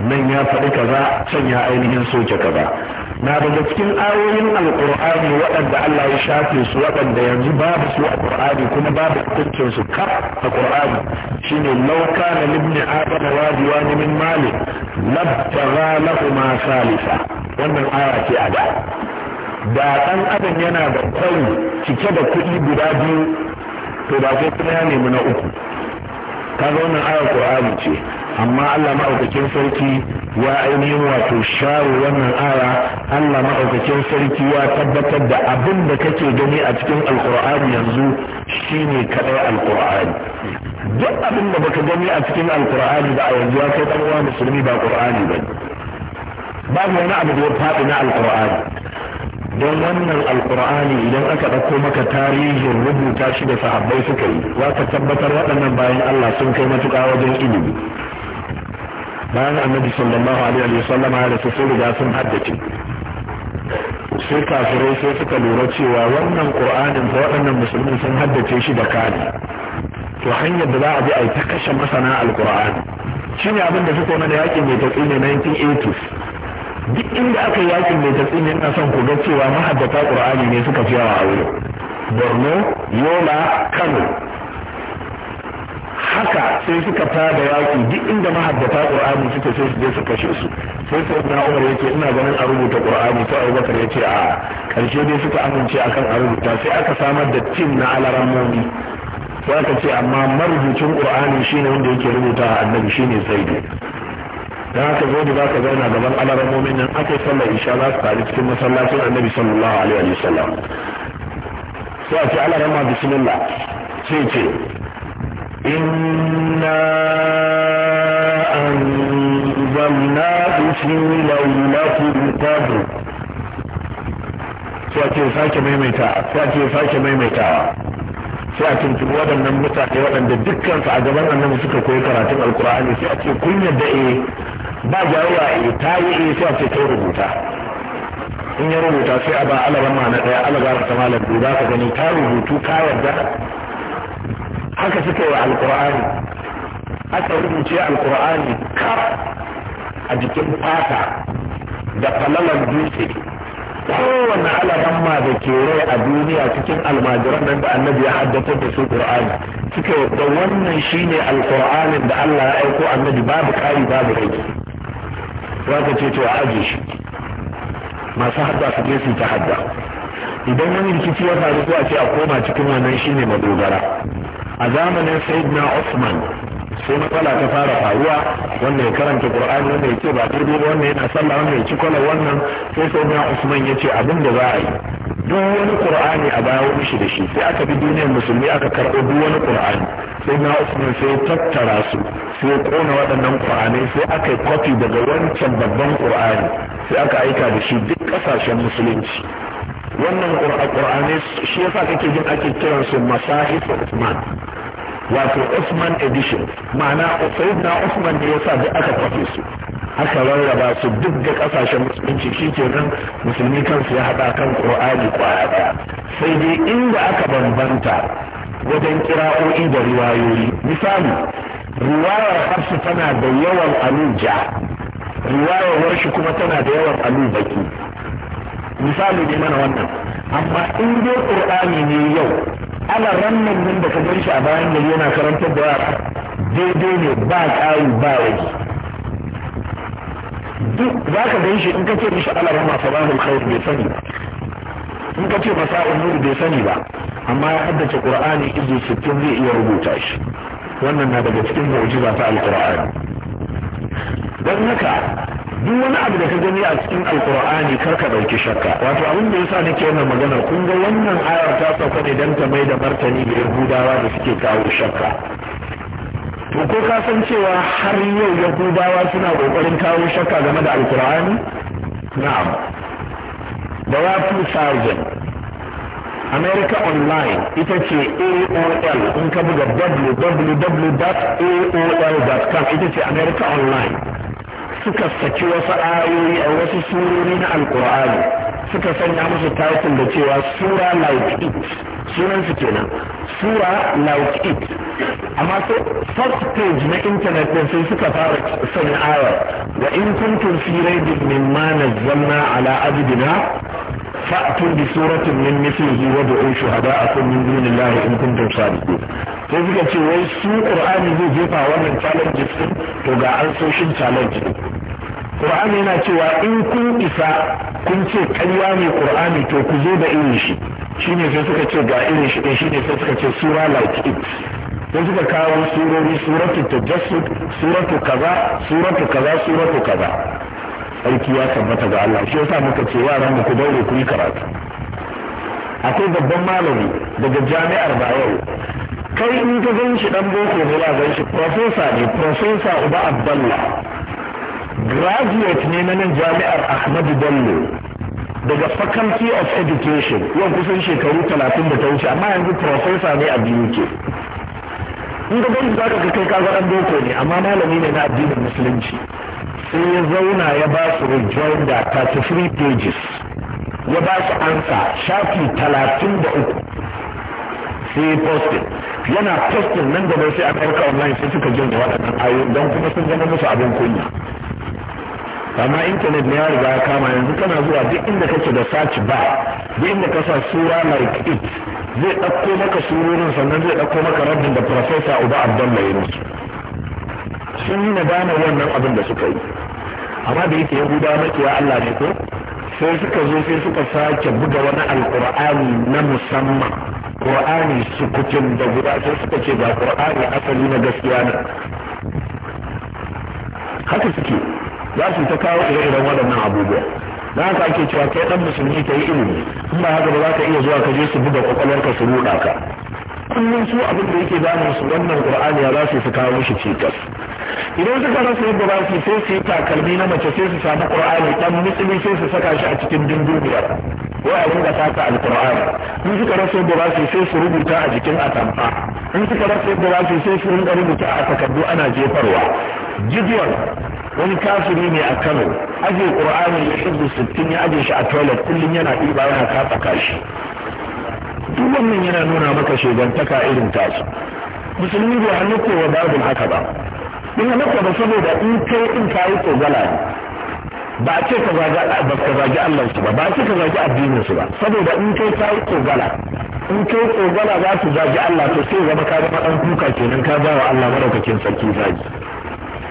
nan ya faɗi kaza can ya ainihin soke kaza na daga cikin ayoyin alkur'ani waɗanda Allah ya shafe su waɗanda yanzu babu su a kuma babu hukuncin su ka a qur'ani shine na limni libni adam ne min mali lahu ma salisa wannan aya ce a da da ɗan adam yana da kwai cike da kuɗi guda biyu to ba sai kuma ya nemi na uku kaga wannan ayar qur'ani ce amma Allah maɗaukakin sarki ya ainihin wato share wannan aya Allah maɗaukakin sarki ya tabbatar da abin da kake gani a cikin alqur'ani yanzu shine kadai alqur'ani duk abin da baka gani a cikin alqur'ani ba a yanzu ya kai dan uwa musulmi ba qur'ani ba babu wani abu da ya faɗi na alqur'ani don wannan alkur'ani idan aka ɗauko maka tarihin rubuta shi da sahabbai suka yi za ka tabbatar waɗannan bayan Allah sun kai matuƙa wajen ilimi bayan annabi sallallahu alaihi wa sallam ya rasu sun riga sun haddace sai kafirai sai suka lura cewa wannan qur'anin fa waɗannan musulmi sun haddace shi da kani to hanyar da za a bi a yi ta kashe masana alkur'ani ne abin da suka yi da yaƙin mai tatsi ne 1980 duk inda aka yi yakin mai ne ina son ku ga cewa mahaddata qur'ani ne suka fi yawa a wurin borno yola kano haka sai suka tada yaki duk inda mahaddata qur'ani suka sai su je su kashe su sai sai na umar yake ina ganin a rubuta qur'ani sai abubakar yace a karshe dai suka amince akan a rubuta sai aka samar da tim na alarammomi sai aka ce amma marubucin Ƙur'ani shine wanda yake rubuta a annabi shine zaidu da haka zo da zaka zauna gaban alaramomin nan aka yi sallar isha za su tare cikin masallacin annabi sallallahu alaihi wa sallam sai a ce alarama bismillah sai ce inna anzalna fi lailatul qadr sai ce sake maimaita sai ce sake maimaitawa sai a tuntubi waɗannan mutane waɗanda dukkansu a gaban annabi suka koyi karatun alkur'ani sai a ce kun yadda e ba jawaya e eh, ta yi e sai a ce ta rubuta in ya rubuta sai a ba alaban ma na ɗaya alaba ta malam za ka gani ta rubutu ka yarda haka suka yi alkur'ani aka rubuce alkur'ani kar a jikin fata da falalar dutse kowane alaran ma da ke rai a duniya cikin almajiran nan da annabi ya haddatar da su qur'ani suka yadda wannan shine alqur'anin da Allah ya aiko annabi babu kari babu rage zaka ce to aje shi masu hadda su je su ta hadda idan wani rikici ya faru ko a ce a koma cikin wannan shine madogara a zamanin sayyidina Usman sai matsala ta fara faruwa wanda ya karanta qur'ani wanda ya ce ba daidai ba wanda yana sallah wanda ya ci kwalar wannan sai sai na usman ya ce abin da za a yi duk wani qur'ani a baya wani shi da shi sai aka bi duniyar musulmi aka karɓo duk wani qur'ani sai na usman sai tattara su sai kona waɗannan qur'anai sai aka yi kwafi daga wancan babban qur'ani sai aka aika da shi duk ƙasashen musulunci wannan qur'ani shi yasa kake jin ake kiransu masahifu usman wato Usman edition ma'ana Sayyidina Usman ne yasa da aka kwafe su aka rarraba su duk da kasashen musulunci shikenan musulmi kansu ya hada kan Qur'ani kwaya daya sai dai inda aka bambanta wajen kira'o'i da riwayoyi misali riwayar Hafsu tana da yawan aluja riwayar Warshi kuma tana da yawan alubaki misali ne mana wannan amma in dai Qur'ani ne yau ala rannan nan da ka gan shi a bayan gari yana karantar da yara daidai ne ba ƙari ba waje duk za ka gan shi in ka ce mishi ala rannan sabahul khair bai sani ba in ka ce masa'ul nur bai sani ba amma ya haddace qur'ani izu sittin zai iya rubuta shi wannan na daga cikin mu'jiza ta alƙur'ani don haka duk wani abu da ka gani a cikin alkur'ani kar ka dauki shakka wato abin da yasa nake wannan magana kun ga wannan ayar ta sauka ne dan ta mai da martani ga yahudawa da suke kawo shakka to ko ka san cewa har yau yahudawa suna kokarin kawo shakka game da alkur'ani na'am da wa 2000 America Online ita ce AOL in ka buga www.aol.com ita ce America Online suka saki wasu ayoyi a wasu surori na alkur'ani suka sanya musu title da cewa sura like it Sunan sunansu kenan sura like it amma sai first page na intanet din sai suka fara sanya ayar wa in kuntum fi raibin mimma nazzalna ala abdina fa'tu bi suratin min mithlihi wa du'u shuhada'akum min dunillahi in kuntum sadiqin sai suka ce wai su qur'ani zai jefa wannan challenge din to ga an social challenge din qur'ani yana cewa in kun isa kun ce ƙarya ne qur'ani to ku zo da irin shi shine sai suka ce ga irin shi shine sai suka ce sura like it sai suka kawo surori suratu tajassud suratu kaza suratu kaza suratu kaza aiki ya tabbata ga Allah shi yasa muka ce yaran mu ku daure ku yi karatu akwai babban malami daga jami'ar Bayero kai in ka gan shi dan boko ne la gan shi profesa ne Profesa Uba Abdullah graduate ne na nan jami'ar Ahmadu Bello daga faculty of education yau kusan shekaru talatin da ta wuce amma yanzu professor ne a biyu ke in da gani zaka ka kai kaga dan doko ne amma malami ne na addinin musulunci sai ya zauna ya ba su rejoinder 33 pages ya ba su ansa shafi talatin da uku sai posting yana posting nan da sai a ɗauka online sai suka jin da waɗannan ayoyi don kuma sun zama musu abin kunya amma intanet ne ya riga ya kama yanzu kana zuwa duk inda kake da search bar duk inda ka sa sura like it zai ɗauko maka surorin sannan zai ɗauko maka rabin da profesa uba abdallah ya musu sun yi nadama wannan abin da suka yi amma da yake yahuda makiya allah ne ko sai suka zo sai suka sake buga wani alkur'ani na musamman qur'ani sukutun da guda sai suka ce ga qur'ani asali na gaskiya ne haka suke za su ta kawo ire-iren waɗannan abubuwa da haka ake cewa kai ɗan musulmi ta yi ilimi in ba haka ba za ka iya zuwa ka je su buga kwakwalwarka su ruɗa ka kullum su abin da yake damun su wannan qur'ani ya za su su kawo mishi cikas idan suka rasa yadda za su sai su yi takalmi na mace sai su samu kur'ani dan musulmi sai su saka shi a cikin dindindiyar ko a dinga taka alqur'ani in suka rasa yadda za su sai su rubuta a jikin atamfa in suka rasa yadda za su sai su rinka rubuta a takardu ana jefarwa gideon wani kafiri ne a kano aje ƙur'ani ya shirya sittin ya aje shi a toilet kullum yana ɗiba yana kafa kashi duk wannan yana nuna maka shegantaka irin tasu musulmi bai halitta wa babin haka ba in halitta ba saboda in kai in kayi tsogala ne ba a ce ka zagi Allah su ba ba a ce ka zagi addinin su ba saboda in kai ta yi tsogala in kai tsogala za su zagi Allah to sai zama ka zama dan kuka kenan ka ba wa Allah madaukakin sarki zagi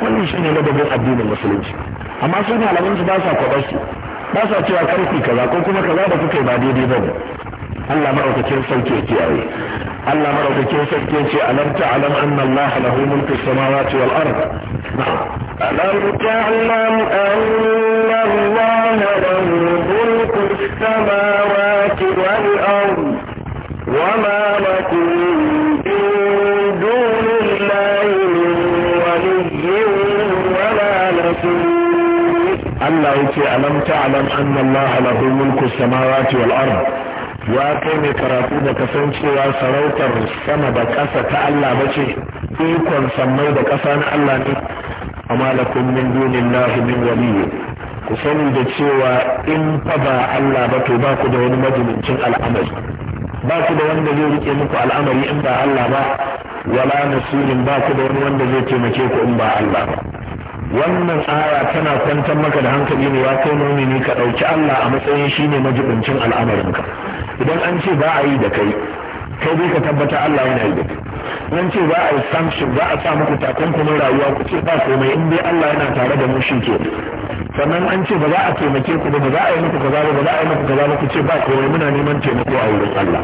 wannan shi shine ladabin addinin musulunci amma su malaman su ba sa kwabar su ba sa cewa karfi kaza ko kuma kaza da kuka yi ba daidai ba ne Allah maɗaukakin sarki ya kiyaye Allah maɗaukakin sarki ya ce alam ta'lam anna Allah lahu mulku samawati wal ard alam ta alam anna Allah lahu mulku samawati ta'ala yake alam ta'lam anna Allah lahu mulku samawati wal ard ya kai ne karatu da kasancewa sarautar sama da ƙasa ta Allah bace ikon sammai da ƙasa na Allah ne amma lakum min dunillahi min waliy ku sani da cewa in fa ba Allah ba to ba ku da wani majalincin al'amari ba ku da wanda zai rike muku al'amari in ba Allah ba wala nasirin ba ku da wani wanda zai taimake ku in ba Allah ba wannan aya tana kwantar maka da hankali ne ya kai mumini ka ɗauki Allah a matsayin shi ne majibincin al'amarinka idan an ce ba a yi da kai kai dai ka tabbata Allah yana yi da kai nan ce za a yi sanction za a sa muku takunkumin rayuwa ku ce ba komai in dai Allah yana tare da mu shi ke sannan an ce ba za a taimake ku ba za a yi muku kaza ba za a yi muku kaza ba ku ce ba komai muna neman taimako a wurin Allah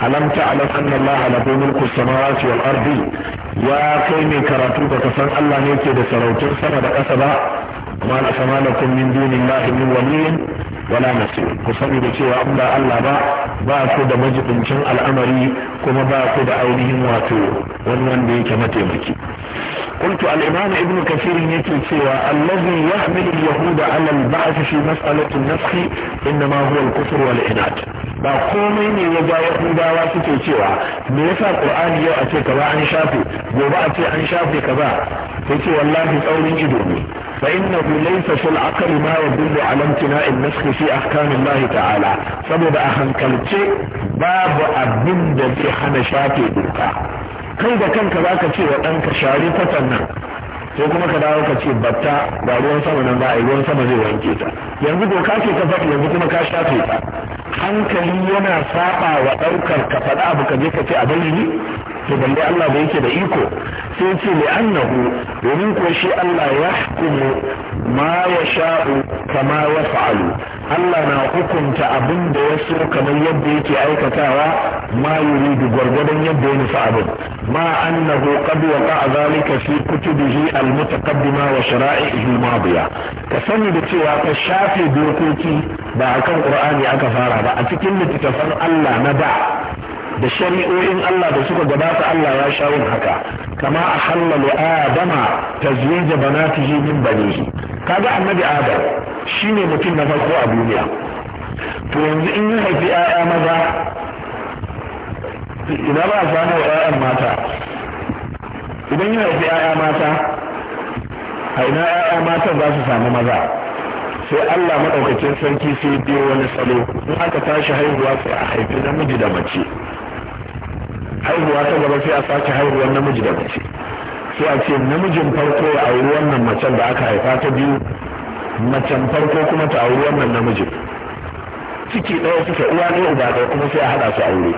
alam ta'lam anna allaha lahu mulku samawati wal ardi ya kai mai karatu baka san Allah ne ke da sarautar sama da ƙasa ba amma la sama lakum min dunillahi min waliyin wala nasir ku sani da cewa in ba Allah ba ba ku da majibincin al'amari kuma ba ku da ainihin wato wani wanda yake mataimaki قلت الإمام ابن كثير يكي سوى الذي يحمل اليهود على البعث في مسألة النسخ إنما هو الكفر والإناد ba komai ne ya ga yahudawa suke cewa me yasa qur'ani yau a ce kaza an shafe gobe a ce an shafe kaza sai ce wallahi tsaurin ido ne fa innahu laysa fil aqli ma yadullu ala imtina'i an-nasakh fi ahkamillahi ta'ala saboda a hankalce babu abin da zai hana shafe doka kai da kanka zaka ce wa ɗanka share kwatan nan sai kuma ka dawo ka ce batta ga ruwan sama nan ba a yi ruwan sama zai wanke ta yanzu doka ce ka faɗi yanzu kuma ka shafe ta hankali yana saɓa wa ɗaukar ka faɗa abu ka je ka ce a bayyane to balle Allah da yake da iko sai ce li annahu domin ko shi Allah ya hukumu ma ya sha'u kama ya fa'alu Allah na hukunta abin da ya so kamar yadda yake aikatawa ma yuridu gwargwadon yadda ya nufa abin ma annahu qad waqa zalika fi kutubihi almutaqaddima wa shara'ihi al-madiya ka sani da cewa ka shafe dokoki ba akan Qur'ani aka fara ba a cikin littafin Allah na da da shari'o'in Allah da suka gabata Allah ya sha yin haka kama a hallal adama ta banatihi min banihi kaga annabi adam ne mutum na farko a duniya to yanzu in ya haifi 'ya'ya maza idan ba a samu 'ya'yan mata idan haifi 'ya'ya mata a ina 'ya'ya za su samu maza sai Allah maɗaukacin sarki sai biyo wani salo in aka tashi haihuwa sai a haifi namiji da mace haihuwa ta gaba sai a sake haihuwar namiji da mace sai a ce namijin farko ya auri wannan macen da aka haifa ta biyu macen farko kuma ta auri wannan namijin ciki ɗaya suka uwa ɗaya uba ɗaya kuma sai a haɗa su aure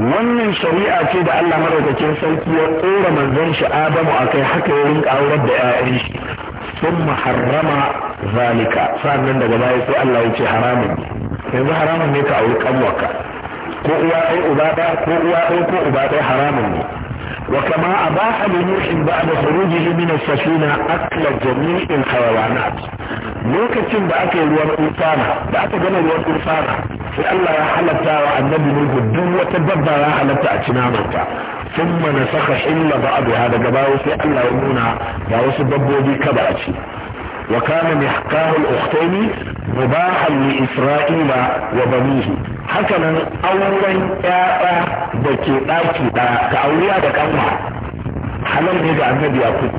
wannan shari'a ce da Allah maraukakin sarki ya tsora manzon shi Adamu akai haka ya rinka aurar da 'ya'yan shi sun harrama zalika sannan daga baya sai Allah ya ce haramun yanzu haramun ne ka auri kanwarka ko uwa ɗai uba ɗaya ko وكما أباح لنوح بعد خروجه من السفينة أكل جميع الحيوانات لوكتين بأكل الوان إنسانة بعد جميع الوان إنسانة في الله حلتا والنبي نوح الدوة تدبر حلتا أتنامتا ثم نسخ حل بعضها هذا جباوسي الله يمونا يا وسببوا بي كبأتي وكان محكاه الأختين مباحا لإسرائيل وبنيه حكما أولا يا دكي داكي دا كأولياء دكما حلال نجا النبي يعقوب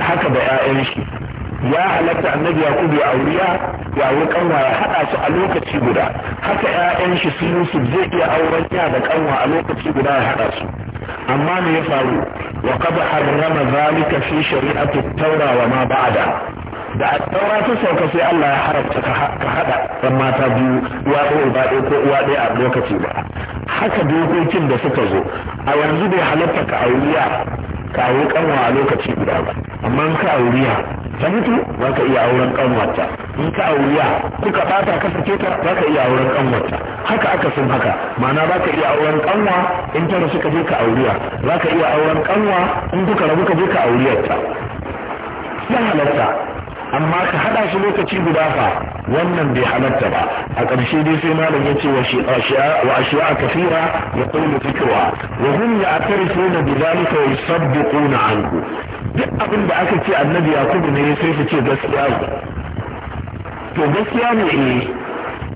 هكذا يا إنشي يا حلال النبي يعقوب يا أولياء يا wuri kanwa ya haɗa su a lokaci guda haka 'ya'yan shi su Yusuf zai iya auren amma me ya faru wa qad harrama zalika fi shari'ati tawra wa ma ba'da da tawra ta sauka sai Allah ya haramta ka hada dan mata biyu uwa ko ba dai ko uwa ɗaya a lokaci ba haka dokokin da suka zo a yanzu bai halatta ka auriya ka auri kanwa a lokaci guda ba amma ka auriya ta za ka iya auren kanwata in ka auriya kuka bata ka sake ta za ka iya auren kanwata haka aka sun haka ma'ana za ka iya auren kanwa in ta rasu ka je ka auriya za ka iya auren kanwa in kuka rabu ka je ka auriyarta ya halatta amma ka hada shi lokaci guda fa wannan bai halatta ba a ƙarshe dai sai malam ya ce wa ashiya kafira ya kullu fikra wa hum ya'tarifuna bi dhalika wa yusaddiquna anhu duk abin da aka ce annabi yakubu ne sai su ce gaskiya to gaskiya ne eh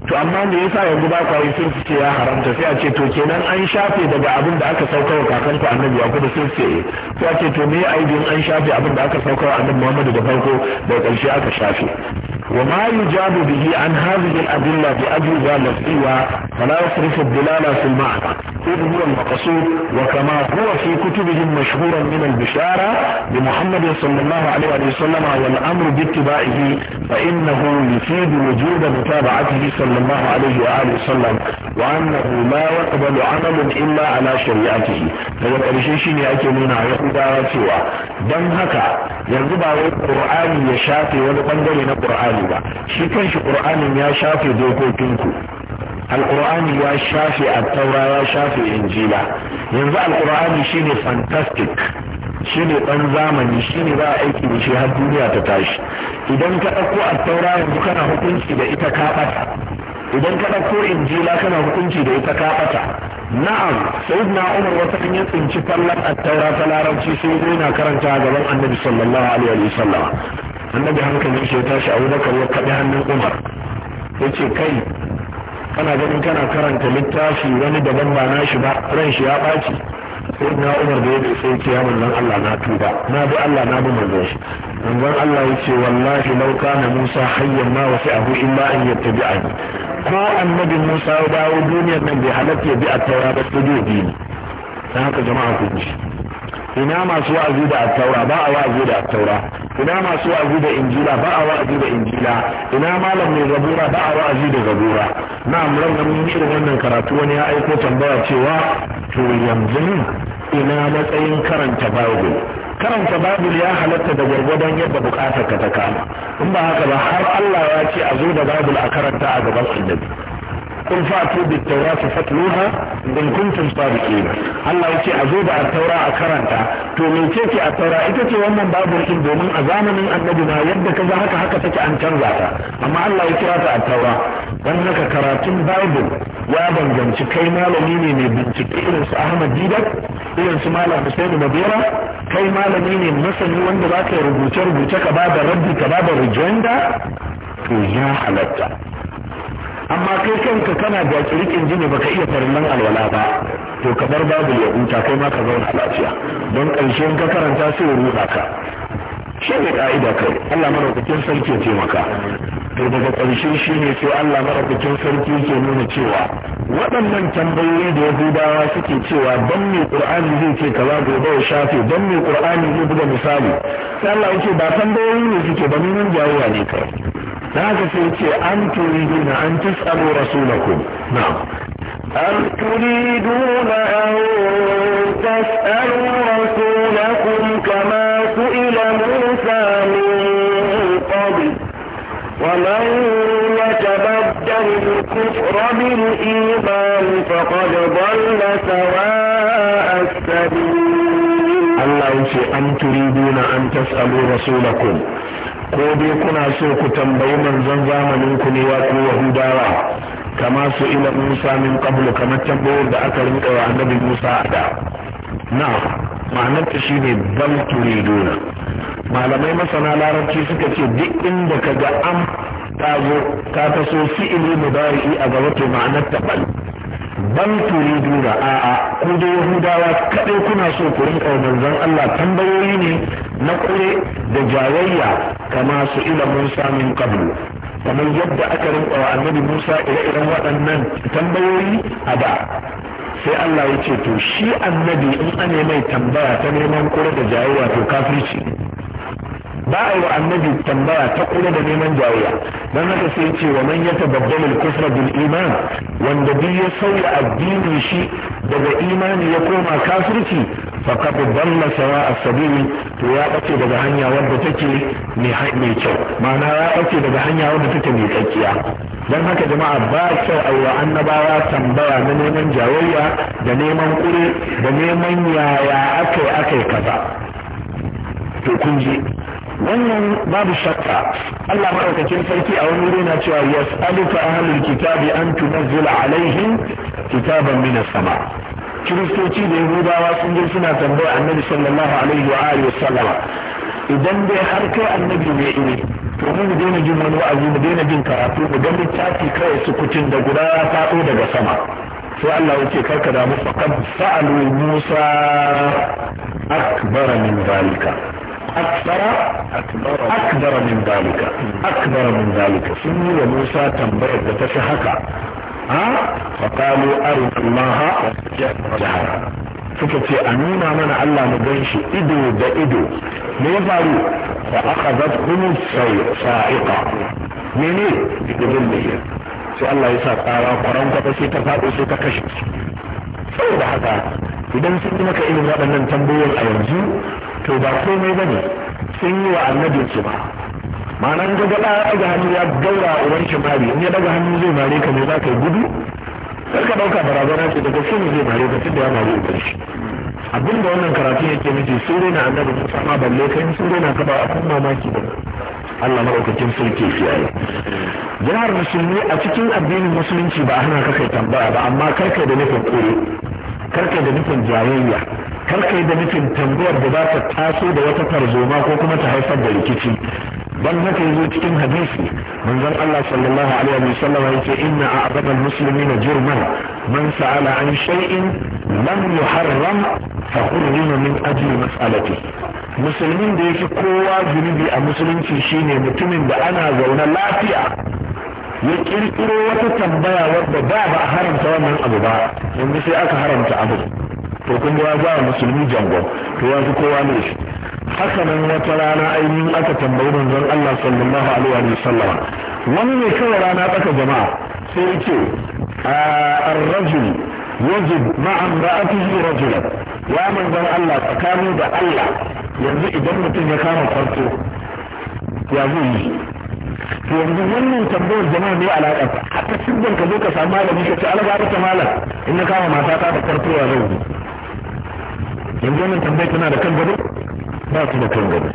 to amma me yasa yanzu ba kwa yi sun ce ya haramta sai a ce to kenan an shafe daga abin da aka sauka wa kakanku annabi ya kuma sun ce sai a ce to me aibin an shafe abin da aka sauka wa annabi Muhammadu da farko da karshe aka shafe وما يجاب به عن هذه الأدلة بأجوبة سوى فلا يصرف الدلالة في المعنى إذ هو المقصود وكما هو في كتبهم مشهورا من البشارة بمحمد صلى الله عليه وسلم والأمر باتباعه فإنه يفيد وجود متابعته صلى الله عليه وآله وسلم وأنه لا يقبل عمل إلا على شريعته daga ƙarshe shi ne سوى دمهك yahudawa cewa don haka yanzu qur'ani ba shi kanshi qur'anin ya shafe dokokinku alqur'ani ya shafe attaura ya shafe injila yanzu alqur'ani shine fantastic shine dan zamani shine ba aiki da shi har duniya ta tashi idan ka dauko attaura yanzu kana hukunci da ita ka bata idan ka ɗauko injila kana hukunci da ita ka ɓata na'am sayyidina umar wata kan ya tsinci fallan attaura ta larabci sai zo yana karanta gaban annabi sallallahu alaihi wa sallam annabi hankalin shi ya tashi abubakar ya kaɗi hannun umar ya ce kai kana ganin kana karanta littafi wani daban ba na shi ba ran shi ya ɓaci sai na umar da ya ce sai ce ya manzon Allah na tuba na bi Allah na bi manzon shi manzon Allah ya ce wallahi lauka kana Musa hayyan ma abu illa an a yi. yattabi'ani ko annabi Musa ya dawo duniyar nan bai halatta ya bi a taura ba sai dai dini Na haka jama'a ku ji ina masu wa'azi da a taura ba a wa'azi da a taura ina masu wa'azi da injila ba a wa'azi da injila ina malam mai zabura ba a wa'azi da zabura na amuran da mun shirin wannan karatu wani ya aiko tambaya cewa to yanzu ina matsayin karanta bible karanta bible ya halatta da gwargwadon yadda bukatar ka ta kama in ba haka ba har Allah ya ce a zo da bible a karanta a gaban annabi kun fatu bi taurata fatluha in kuntum sadiqin Allah yace a zo da at-taura a karanta to mecece at-taura ita ce wannan babul din domin a zamanin annabi ma yadda kaza haka haka take an canza ta amma Allah ya kira ta at-taura dan haka karatun bible ya banganci kai malami ne mai bincike irinsu Ahmad Didat irinsu su Malam Hussein Mabera kai malami ne masani wanda za ka rubuce rubuce ka ba da rabbi ka ba da rejoinder to ya halatta amma kai kanka kana da kirkin jini baka iya farillan alwala ba to ka bar babu ya huta kai ma ka zauna lafiya don ƙarshen ka karanta sai ruwa ka shi ne ka'ida kai Allah madaukakin sarki ya maka to daga ƙarshe shi ne sai Allah madaukakin sarki ke nuna cewa waɗannan tambayoyi da Yahudawa suke cewa don me Qur'ani zai ce kaza gobe ya shafe dan mai ƙur'ani zai buga misali sai Allah yake ba tambayoyi ne suke ba mun jawowa ne kai ماذا سيتي أن تريدون أن تسألوا رسولكم نعم أم تريدون أن تسألوا رسولكم كما سئل موسى من قبل ومن يتبدل الكفر بالإيمان فقد ضل سواء السبيل الله يقول ان تريدون أن تسألوا رسولكم ko dai kuna so ku tambayi manzon zamanin ku ne wato yahudawa kama su ila musa min qablu kamar tambayar da aka rinka wa annabi musa a da na ma'anar ta shine bal turiduna malamai masana larabci suka ce duk inda kaga am ta zo ta taso fi'ili mudari'i a gaba to ma'anar ta bal Ban bal turiduna a'a ku dai yahudawa kaɗai kuna so ku rinka manzon Allah tambayoyi ne na kure da jayayya kama su ila Musa min qablu kamar yadda aka rinka wa annabi Musa ire-iren waɗannan tambayoyi a da sai Allah ya ce to shi annabi in ane mai tambaya ta neman kure da jayayya to kafirci ba a yi wa annabi tambaya ta kula da neman jayayya don haka sai ce wa man yata babbal kufra bil iman wanda duk ya sauya addini shi daga imani ya koma kafirci ka dalla sawa as-sabil to ya bace daga hanya wadda take mai kyau ma'ana ya bace daga hanya wadda take mai kakkiya don haka jama'a ba kyau a wa annabawa tambaya na neman jayayya da neman kure da neman yaya akai akai kaza to kun ji wannan babu shakka Allah madaukakin sarki a wani wuri na cewa yas'aluka ahlul kitabi an tunazzila alaihim kitaban min sama kiristoci da yahudawa sun je suna tambaya annabi sallallahu alaihi wa alihi wasallama idan dai har kai annabi ne ne eh, to mu daina jin wani wa'azi mu daina jin karatu mu ga littafi kawai sukutun da guda ya faɗo daga sama sai Allah yake karka da mu faqad sa'alu Musa akbara min zalika أكبر أكبر من ذلك أكبر من ذلك سني وموسى تنبرد تشهك ها فقالوا أرنا الله جهرا فكتي أمين من الله مبنش إدو دا إدو ميفاري فأخذتهم الصائقة مني بدون مهي الله يسا قارا قرانك بسي تفاق وسي تكشف سوى بحقا إذا سنتمك إلى أن تنبوي الأيام to ba komai bane sun yi wa annabin su ba ma'ana in ga ya daga hannu ya gaura a shi mari in ya daga hannu zai mare ka ne za ka yi gudu sai ka dauka barazana ce daga sun zai mare ka da ya mare ka shi abinda wannan karatu yake miji sun na annabi musa ma balle kai su na ka a abin mamaki ba Allah maɗaukakin sulke kiyaye. Jihar musulmi a cikin addinin musulunci ba a hana ka kai tambaya ba amma kai da nufin kure, kai da nufin jayayya, kar ka yi da nufin tambayar da za ta taso da wata tarzoma ko kuma ta haifar da rikici ban haka yazo cikin hadisi manzon Allah sallallahu alaihi wa sallam yace inna a'bada al-muslimina jurman man sa'ala an shay'in lam yuharram fa hurrima min ajli mas'alati musulmin da yake kowa zunubi a musulunci shine mutumin da ana zaune lafiya ya kirkiro wata tambaya wadda ba ba haramta wannan abu ba yanzu sai aka haramta abu to kun ya ba musulmi jangon to ya fi kowa ne shi haka nan wata rana ainihin aka tambayi manzon Allah sallallahu alaihi wa sallam wani ne kawai rana tsaka jama'a sai yake ar-rajul yajib ma'a imra'atihi rajulan ya manzon Allah tsakani da Allah yanzu idan mutum ya kama kwarto. ya zai yi yanzu wannan tambayar jama'a ne alaƙa haka sirrin ka zo ka samu malami ka ce ta malam in ya kama mata ta da kwarto ya zai yanzu wannan tambayar tana da kan gado ba su da kan gado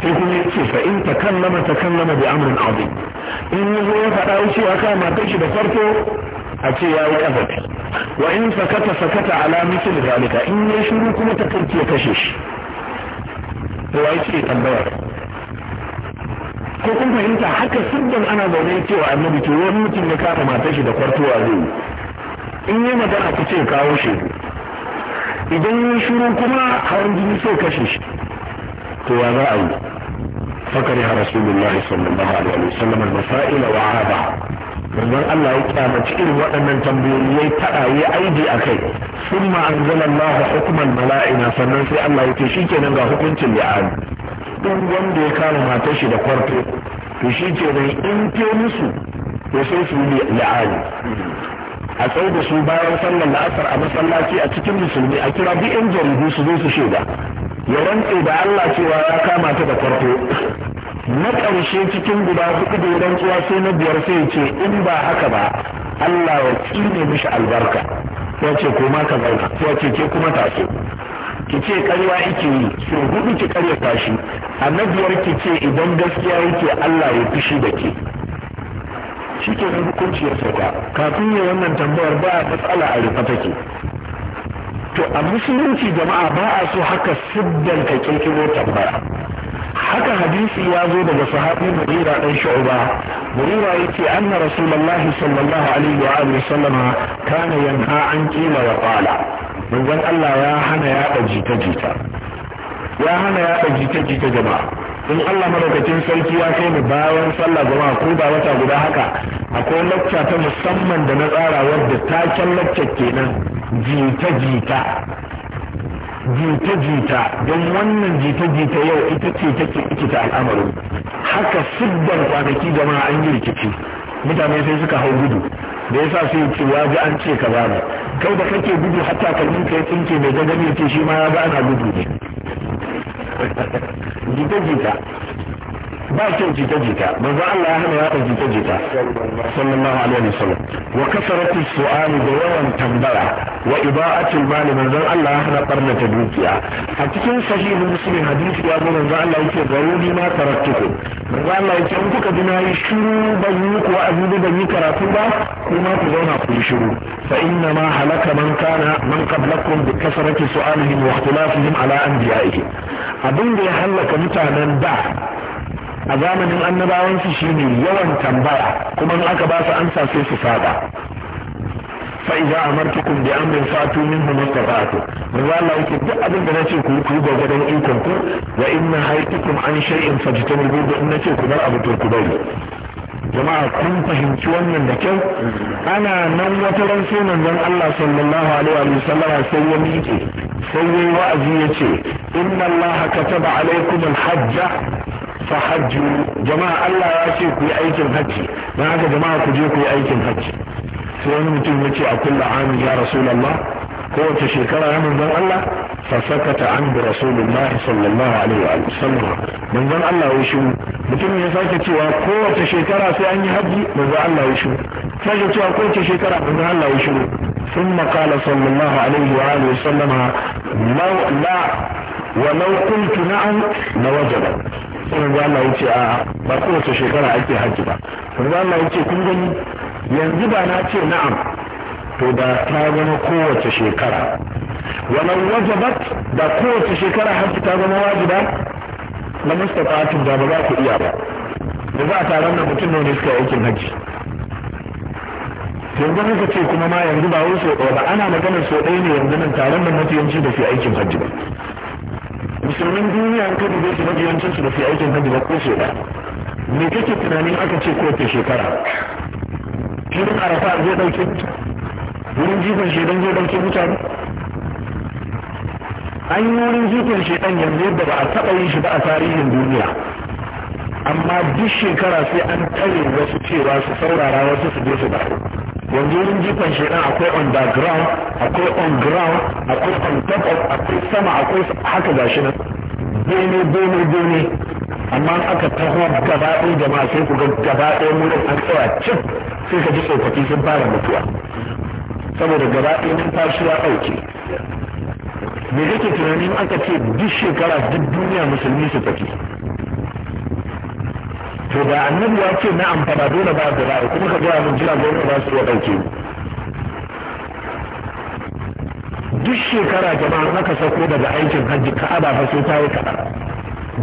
sai kuma ya ce fa in takallama takallama bi amrin azim in yazo ya faɗa wuce aka matar shi da farko a ce ya yi kazafi wa in sakata sakata ala misli zalika in ya shiru kuma ta kanki ya kashe shi to wai ce tambaya ko kun fahimta haka sirdan ana zaune cewa annabi to wani mutum ya kama matar shi da kwartowa zai in yi magana ku ce kawo shaidu idan ya shiru kuma hawan jini sai kashe shi to ya za a yi فكره رسول الله wa الله عليه وسلم المسائل وعابها manzon Allah ya kyamaci irin waɗannan tambayoyi yayi faɗa ya aidi a kai Summa ma'anzala Allah hukuman mala'ina sannan sai Allah ya ce shikenan ga hukuncin li'ani duk wanda ya kama matar shi da kwarto to shikenan in ke musu to sai su li'ani a tsaye da su bayan sallar la'asar a masallaci a cikin musulmi a kira duk yan jaridu su zo su shaida ya rantse da Allah cewa ya kama ta da farko na ƙarshe cikin guda hudu da rantsuwa sai na biyar sai ce in ba haka ba Allah ya tsine mishi albarka ya ce ko ma ka zauna ya ce ke kuma taso ki ce karya ike yi so hudu ki karya tashi a na biyar ki ce idan gaskiya yake Allah ya fushi da ke shi ke nan hukunci ya sauka kafin ya wannan tambayar ba a matsala a rufe take to a musulunci jama'a ba a so haka siddan ka kirkiro tambaya haka hadisi ya zo daga sahabi murira dan shu'ba murira yace anna rasulullah sallallahu alaihi wa alihi sallama kana yanha an qila wa qala manzon Allah ya hana ya jita jita ya hana ya jita jita jama'a in Allah madaukakin sarki ya kai mu bayan sallah jama'a ko ba wata guda haka akwai lacca ta musamman da na tsara wadda taken lacca kenan jita jita jita jita don wannan jita jita yau ita ce take ta al'amaru haka siddan kwanaki jama'a an yi rikici mutane sai suka hau gudu da yasa sai ce ya ji an ce ka bani kai da kake gudu hatta kalmin ka ya tsinke mai gangami ya ce shi ma ya ba ana gudu ne jita-jita ba kyau jita jita manzo Allah ya hana yaɗa jita jita sallallahu alaihi wasallam wa kasaratu su'al da yawan tambaya wa iba'atul mali manzo Allah ya hana barnata dukiya a cikin sahihu muslim hadisi ya zo manzo Allah yake garuri ma taraktuku manzo Allah yake in kuka ji yi shiru ban yi ko azubi ban yi karatu ba kuma ku zauna ku yi shiru fa inna ma halaka man kana man qablakum bi kasarati su'alihim wa ikhtilafihim ala anbiya'ihim abin da ya halaka mutanen da a zamanin annabawansu shine yawan tambaya kuma in aka ba su ansa sai su saba fa'iza amartukum bi amrin fatu minhu mustata'tu manzo yake duk abin da nace ku ku gwagwadon ikon ku wa inna haytukum an shay'in fajtanibu da in nace ku bar abu to ku bari jama'a kun fahimci wannan da kyau ana nan wata ran sai manzon Allah sallallahu alaihi wa sallam sai ya miƙe sai yayi wa'azi yace inna Allah kataba alaikum al-hajja fa hajju jama'a Allah ya ce ku yi aikin hajji dan haka jama'a ku je ku yi aikin hajji sai wani mutum ya ce a kullu amin ya rasulullah kowace shekara ya manzon Allah fa sakata an bi rasulullah sallallahu alaihi wa sallam manzon Allah ya shi mutum ya sake cewa kowace shekara sai an yi hajji manzon Allah ya shi sake cewa kowace shekara manzon Allah ya shi ثم قال صلى الله عليه وآله وسلم لو لا ولو قلت نعم لوجبت manzo Allah ya ce a'a ba kowace shekara ake hajji ba manzo Allah ya ce kun gani yanzu ba na ce na'am to da ta zama kowace shekara walau wajabat da kowace shekara hajji ta zama wajiba na mustafatun da ba za ku iya ba da za a taron na mutum ne suka yi aikin hajji yanzu muka ce kuma ma yanzu ba wani sau ɗaya ba ana maganar sau ɗaya ne yanzu nan taron nan mafiyanci ba su aikin hajji ba musulmin duniya an ka dube su mafi yawancin su da su aikin hajji ba ko ba me kake tunanin aka ce kowace shekara filin arafa zai dauke wurin jifan shedan zai dauke mutane an yi wurin jifan shedan yanzu yadda ba a taba yin shi ba a tarihin duniya amma duk shekara sai an tare wasu cewa su saurara wasu su je su dawo yanzu wurin jifan shaidan akwai on the ground akwai on ground akwai on top of akwai sama akwai haka gashi nan bene bene bene amma aka taho gaba ɗaya jama'a sai ku ga gaba ɗaya wurin an tsaya cin sai ka ji tsofaffi sun fara mutuwa saboda gaba ɗaya numfashi ya ɗauke me kake tunanin aka ce duk shekara duk duniya musulmi su tafi to da annabi ya ce na'am fa ba dole ba da ra'ayi kuma ka gaya mun jira gwamnati ba su dauke ɗauke duk shekara jama'a naka sako daga aikin hajji ka'aba fa sai ta yi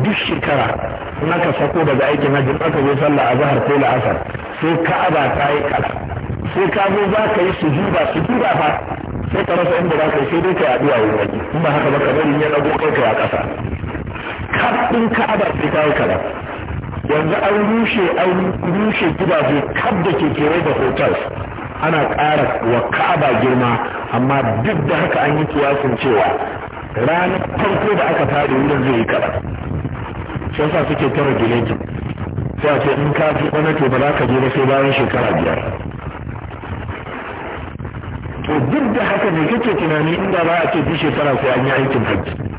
duk shekara naka sako daga aikin hajji naka zo sallah a zahar ko la'asar sai ka'aba ta yi ka sai ka zo za ka yi sujuda sujuda fa sai ka rasa inda za ka yi sai dai ka yi addu'a wurin in ba haka ba ka bari ya ɗago kai ka a ƙasa kaɗin ka'aba sai ta yi kaɗa yanzu an rushe an rushe gidaje kab da ke kewaye da hotels ana ƙara wa ka'aba girma amma duk da haka an yi kiyasin cewa ranar farko da aka fara wurin zai yi kaɗa sai sa suke ta regulating sai a ce in ka fi ke ba za ka je ba sai bayan shekara biyar to duk da haka ne kake tunani inda za a ce bi shekara sai an yi aikin hajji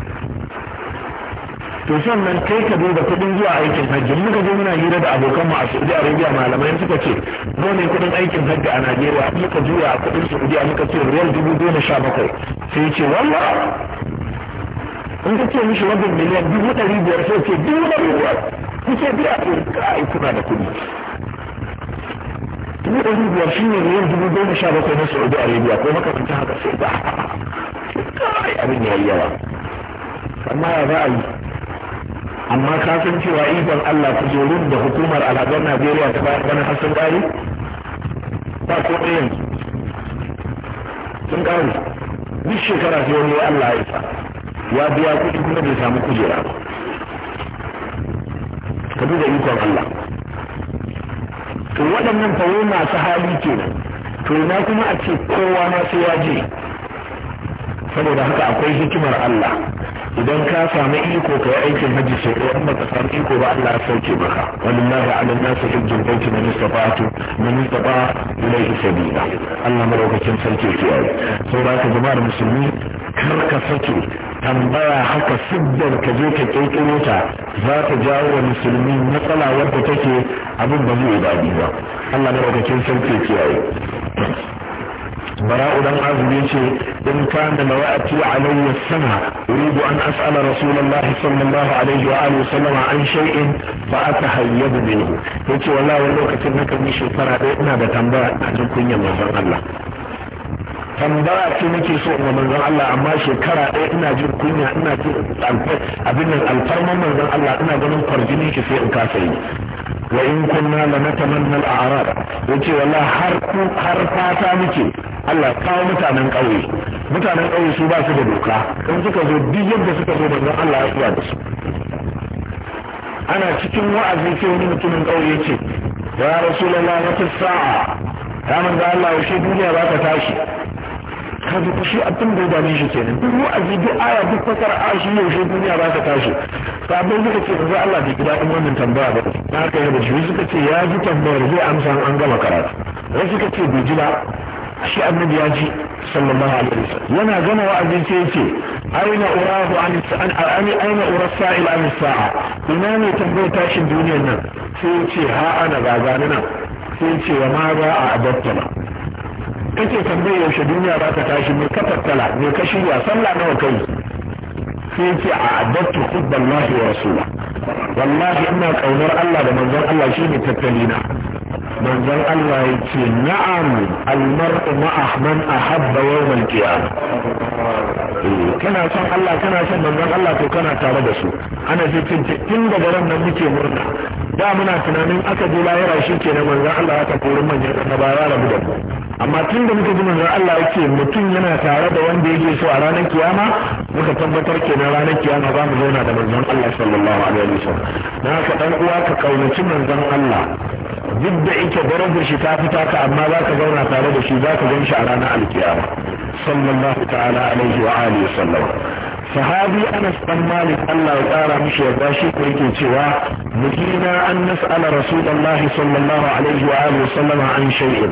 to sannan kai ka duba kuɗin zuwa aikin hajji muka je muna hira da abokan mu a Saudi Arabia malamai suka ce dole kuɗin aikin hajji a Najeriya muka juya a kuɗin Saudi muka ce riyal dubu goma sha bakwai sai ce walla in ka ce mishi rabin miliyan dubu ɗari biyar sai ce dubu ɗari biyar kuke biya ai kuna da kuɗi dubu ɗari biyar shi ne riyal dubu goma sha bakwai na Saudi Arabia ko makamancin haka sai ba kai abin ya yi yawa amma ya za a yi amma ka san cewa ikon Allah zo kujerun da hukumar al'adar Najeriya ta bayar bana hasan gari ba ko ɗayan sun ƙari duk shekara sai wani Allah ya isa ya biya kuɗi kuma bai samu kujera ba ka duba ikon Allah to waɗannan fawo masu hali kenan to na kuma a ce kowa ma sai ya je saboda haka akwai hikimar Allah idan ka samu iko ka yi aikin hajji sau ɗaya amma ka samu iko ba Allah ya sauke maka wallahi ala nasu hajjin baiti man istafatu man istafa ilayhi sabila Allah madaukakin sarki kiyaye saboda haka jama'ar musulmi kar ka sake tambaya haka siddar ka je ka kirkiro ta za ta jawo wa musulmi matsala wadda take abin ba zai daɗi ba Allah madaukakin sarki kiyaye براء دم عزبي إن كان لوأتي علي السمع أريد أن أسأل رسول الله صلى الله عليه وآله وسلم عن شيء فأتهيب منه يتي والله ولو كتبنا كمي شكرا بإنا بتنبأ أن كنيا من الله tambaya ce nake so ga manzon Allah amma shekara ɗaya ina jin kunya ina jin abin nan alfarman manzon Allah ina ganin kwarjini ki sai in kasa yi wa in kunna la natamanna al-a'rab yace wallahi har ku har fata muke Allah kawo mutanen ƙauye mutanen ƙauye su ba su da doka in suka zo duk yadda suka zo da Allah ya tsaya da su ana cikin wa'azi sai wani mutumin ƙauye yace ya rasulullahi wata sa'a ya ga Allah yaushe duniya ba ta tashi kaga ku shi abin da ya dame shi kenan duk wa'azi duk aya duk fasar a shi yaushe duniya ba ta tashi sabon suka ce ba Allah bai gida in wannan tambaya ba na haka da bashi suka ce ya ji tambayar zai amsa an gama karatu wasu suka ce bai ji ba shi annabi ya ji sallallahu alaihi wasallam yana gama wa'azi sai ya ce aina urahu an an aina ura sa'il an sa'a ina ne tambayar tashin duniyar nan sai ya ce ha ana ba nan sai ya ce wa ma ba a adatta ba kake tambayar yaushe duniya za ta tashi mai ka fattala mai ka shirya sallah nawa kai sai ce a addatu hubballahi wa rasula wallahi ina kaunar Allah da manzon Allah shine tattalina manzon Allah ya ce na'am almar'u ma'a man ahabba yawmal qiyamah eh, kana son Allah kana son manzon Allah to kana tare da su ana ce tun daga ran nan muke murna da muna tunanin aka je lahira shi ke nan manzan Allah aka kori manyan ba ya rabu da amma tun da muka ji manzan Allah yake mutum yana tare da wanda yake so a ranar kiyama muka tabbatar ke na ranar kiyama za mu zauna da manzan Allah sallallahu alaihi wa sallam. na ka dan uwa ka kaunaci manzan Allah duk da yake darajar shi ta fita ka amma za ka zauna tare da shi za ka gan shi a ranar alkiyama sallallahu ta'ala alaihi wa alihi sallam sahabi anas dan malik Allah ya tsara mishi yarda shi ko yake cewa mujina an nas'ala rasulullahi sallallahu alaihi wa alihi sallam an shay'in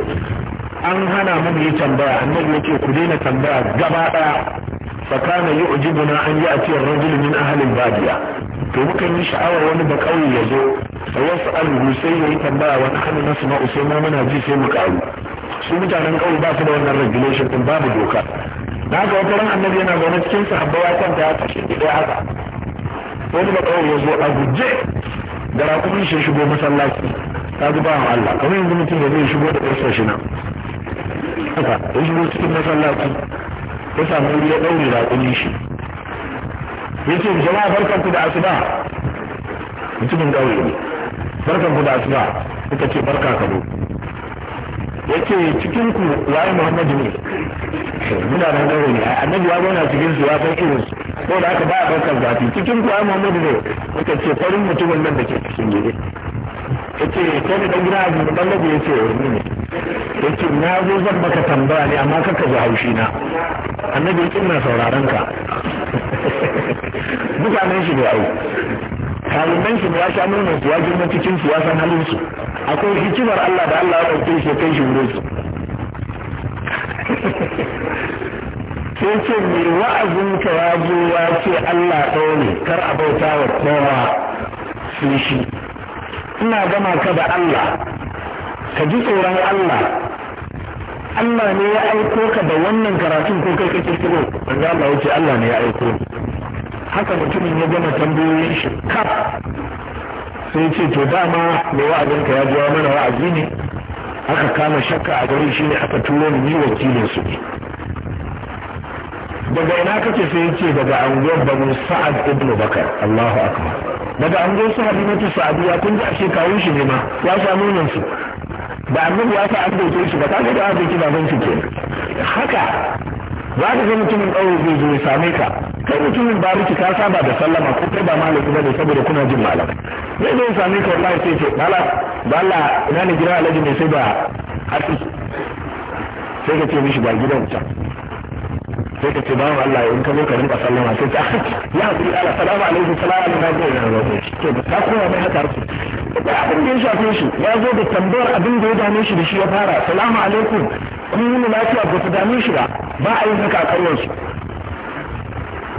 an hana mu yi tambaya annabi yake ku daina tambaya gaba daya fa an yi a rajul min ahli al-badiya to muka yi sha'awar wani ba kauye ya zo fa yas'alu sai yayi tambaya wa nahnu nasma'u sai ma muna ji sai mu karu su mutanen ƙauye ba su da wannan regulation din babu doka na ga wata ran annabi yana zaune cikin sahabba ya kwanta ya tashi da haka wani ba kawai ya zo a guje da rakumin shi shigo masallaci ta zuba wa Allah kamar yanzu mutum da zai shigo da ƙarfa shi nan haka ya shigo cikin masallaci ya samu wuri ya ɗaure rakumin shi ya ce jama'a barkan ku da asuba mutumin ƙauye ne barkan ku da asuba kuka ce barka ka zo yace cikin ku waye Muhammadu ne muna nan da ne annabi ya gona cikin su ya san irin su ko da aka ba a barkar zafi cikin ku waye Muhammadu ne muka ce farin mutumin nan da ke cikin gidi yake ko ne dan gida Abu Bakar yace wani eh, ne yace na zo zan maka tambaya ne amma kaka zo haushi na annabi yace na sauraron ka mutanen shi ne au taliban su ya sha nuna su ya girma cikin su ya san halin su akwai hikimar Allah da Allah ya ɗauke shi kai shi wuri sai ce mai wa'azin ka ya zo ya ce Allah ɗaya kar a bauta wa kowa su shi ina gama ka da Allah ka ji tsoron Allah Allah ne ya aiko ka da wannan karatun ko kai ka kirkiro manzo Allah ya ce Allah ne ya aiko ni haka mutumin ya gama tambayoyin shi kaf sai ce to dama mai wa'azin ka ya jawo mana wa'azi ne aka kama shakka a gari shi ne aka turo ni ni wakilin su ne daga ina kace sai ce daga angon banu sa'ad ibn bakar Allahu akbar daga angon su hadimatu sa'adiya kun ji ake kawun shi ne ma ya samu nan su da annabi ya sa an dauke shi ba kaga da aka kira ban shi ke haka za ka ga mutumin ɗaure zai zo ya same ka kai mutumin bariki ka saba da sallama ko kai ba malami ba ne saboda kuna jin malam zai zo ya same ka wallahi sai ce bala bala ina ne gidan alhaji mai sai da hatsi sai ka ce mishi ba gidan wuta sai ka ce bawan Allah in ka zo ka rinka sallama sai ta ya hakuri ala salamu alaikum salamu alaikum na zo ne to ba ta kuma mai haka su ba abin da ya shafe shi ya zo da tambayar abin da ya dame shi da shi ya fara salamu alaikum kun yi lafiya ba su dame shi ba ba a yi haka a ƙauyensu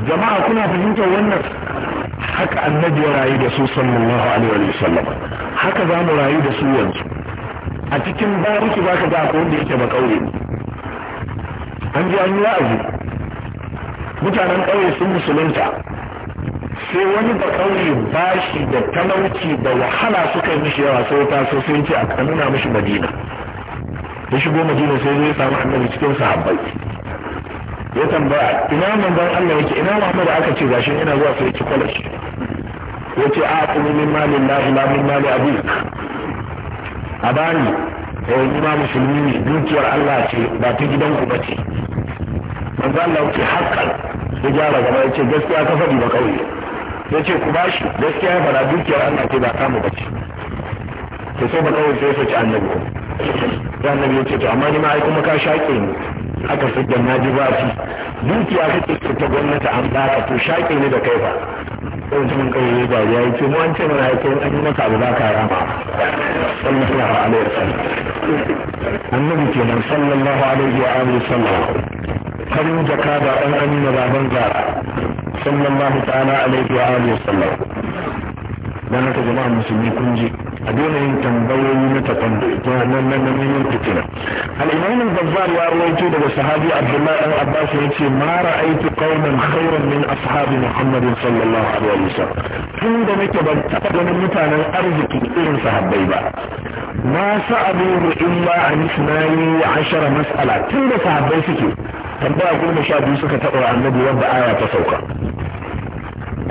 jama'a kuna fahimtar wannan haka annabi ya rayu da su sallallahu alaihi wa sallam haka za mu rayu da su yanzu a cikin bariki za ka ga akwai wanda yake ba ƙauye an ji an yi wa'azi mutanen ƙauye sun musulunta sai wani ba ƙauye bashi da talauci da wahala suka yi mishi yawa sai ta so ce a kanuna mishi madina da shigo madina sai zai samu annabi cikin sahabbai ya tambaya ina manzon Allah yake ina Muhammad aka ce gashi ina zuwa sai ki college yace a kuma min malin la ila min mali abi a bani eh ina musulmi ne dukiyar Allah ce ba ta gidan ku ba ce manzon Allah yake hakan ya gyara gaba yace gaskiya ka faɗi ba kawai yace ku bashi gaskiya ba dukiyar Allah ce ba ta mu ba ce to sai ba kawai sai ya ci annabi da annabi ya ce to amma ni ma ai kuma ka shaƙe ni aka fidda na ji zafi dukiya ka ce ta gwamnati an baka to shaƙe ne da kai ba sai mutumin kai ya ba ya yi ce mu an ce mana kai an yi maka abu za ka rama sallallahu alaihi wasallam annabi kenan sallallahu alaihi wa alihi wasallam farin jaka da ɗan amina baban zara sallallahu ta'ala alaihi wa alihi wasallam dan haka jama'a musulmi kun je a dole yin tambayoyi na ta takwando ta nan nan nan yin fitina al bazzar ya rawaito daga sahabi abdullahi dan abbas ya ce ma ra'aytu qauman khayran min ashabi muhammad sallallahu alaihi wasallam tun da nake ban taba ganin mutanen arziki irin sahabbai ba ma sa'abu illa an isnani ashara mas'ala tun da sahabbai suke tambaya goma sha biyu suka taɓa annabi wanda aya ta sauka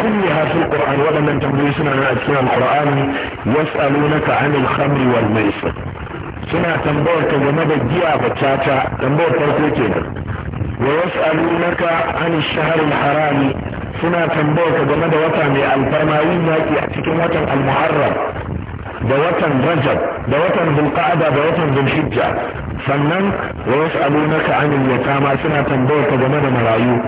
كلها في القرآن ولم انتم ليسنا نأتينا القرآن يسألونك عن الخمر والميسر سنة تنبوك ومدى الدياء فتاتا تنبوك فتاتا ويسألونك عن الشهر الحرام سنة تنبوك ومدى وطن الفرماوين يأتيكم وطن المحرم ده رجب ده ذو القعدة ده ذو الحجة فنن ويسألونك عن اليتامى سنة تنبوك ومدى ملايوك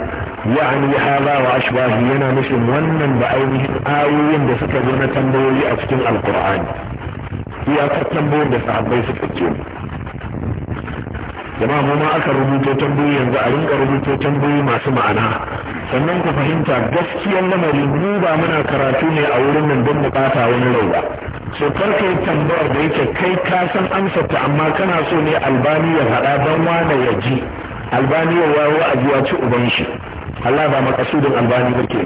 ya'ani hadha wa ashbahi yana nufin wannan da ainihin ayoyin da suka zo na tambayoyi a cikin alqur'ani iyakar tambayoyin da sahabbai suka ce jama'a ma aka rubuto tambayoyi yanzu a rinka rubuto tambayi masu ma'ana sannan ku fahimta gaskiyar lamari mu ba muna karatu ne a wurin nan don bukata wani rai ba so kar ka yi tambayar da yake kai kasan san amsarta amma kana so ne albani ya faɗa don wane ya ji albani ya wayo a ci uban shi Allah ba makasudin albani ba ke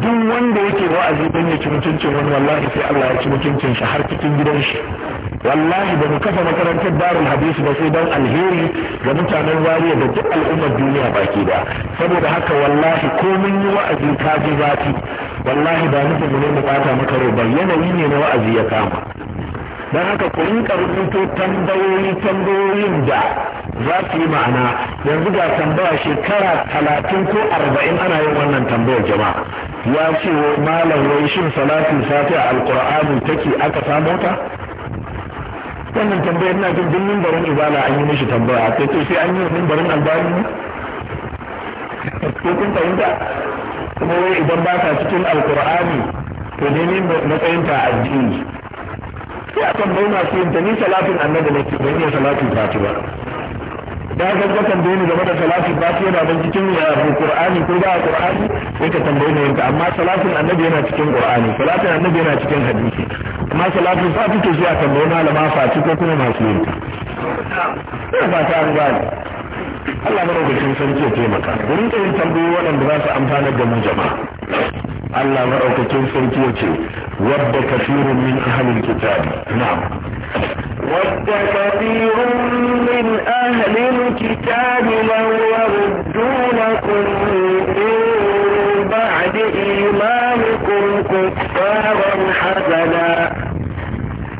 duk wanda yake wa'azi don ya ci mutuncin wani wallahi sai Allah ya ci mutuncin shi har cikin gidan shi wallahi ba mu kafa makarantar darul hadisi ba sai dan alheri ga mutanen zariya da duk al'ummar duniya baki da saboda haka wallahi ko mun yi wa'azi ka ji zafi wallahi ba nufin mu ne mu bata maka ba yanayi ne na wa'azi ya kama don haka ku rinka rubuto tambayoyi tambayoyin da za su yi ma'ana yanzu ga tambaya shekara talatin ko arba'in ana yin wannan tambayar jama'a ya ce wa malam wai shin salatin safiya alqur'ani take aka samu ta wannan tambayar na jin duk barin ibada an yi mishi tambaya sai to sai an yi mimbarin albani ko kun fahimta kuma wai idan ba ka cikin alqur'ani to ne matsayin ta addini sai a tambayi masu yin ta ni salatin annabi nake ban iya salatin fati ba da ka ga tambaye ne game da salatin fati yana da cikin qur'ani ko ba qur'ani sai ka tambayi ne yanka amma salatin annabi yana cikin qur'ani salatin annabi yana cikin hadisi amma salatin fati ke zuwa tambayi malama fati ko kuma masu yin ta ba ta an gane Allah madaukakin sarki ya taimaka wurin yin tambayi waɗanda za su amfanar da mu jama'a الله رأوك كيف سيتيتي ود كثير من أهل الكتاب نعم ود كثير من أهل الكتاب لو يردونكم من بعد إيمانكم كفارا حسدا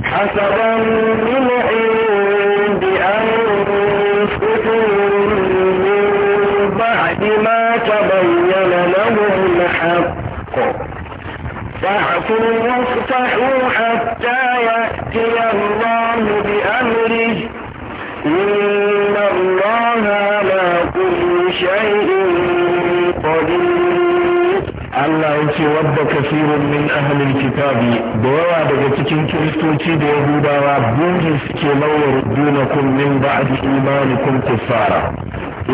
حسدا من فقل افتحوا حتى يأتي الله بأمره إن الله على كل شيء Allah ya ce wadda kasirun min ahlil kitabi da yawa daga cikin kiristoci da yahudawa burin suke lauyar dunakun min ba'di imanikum kuffara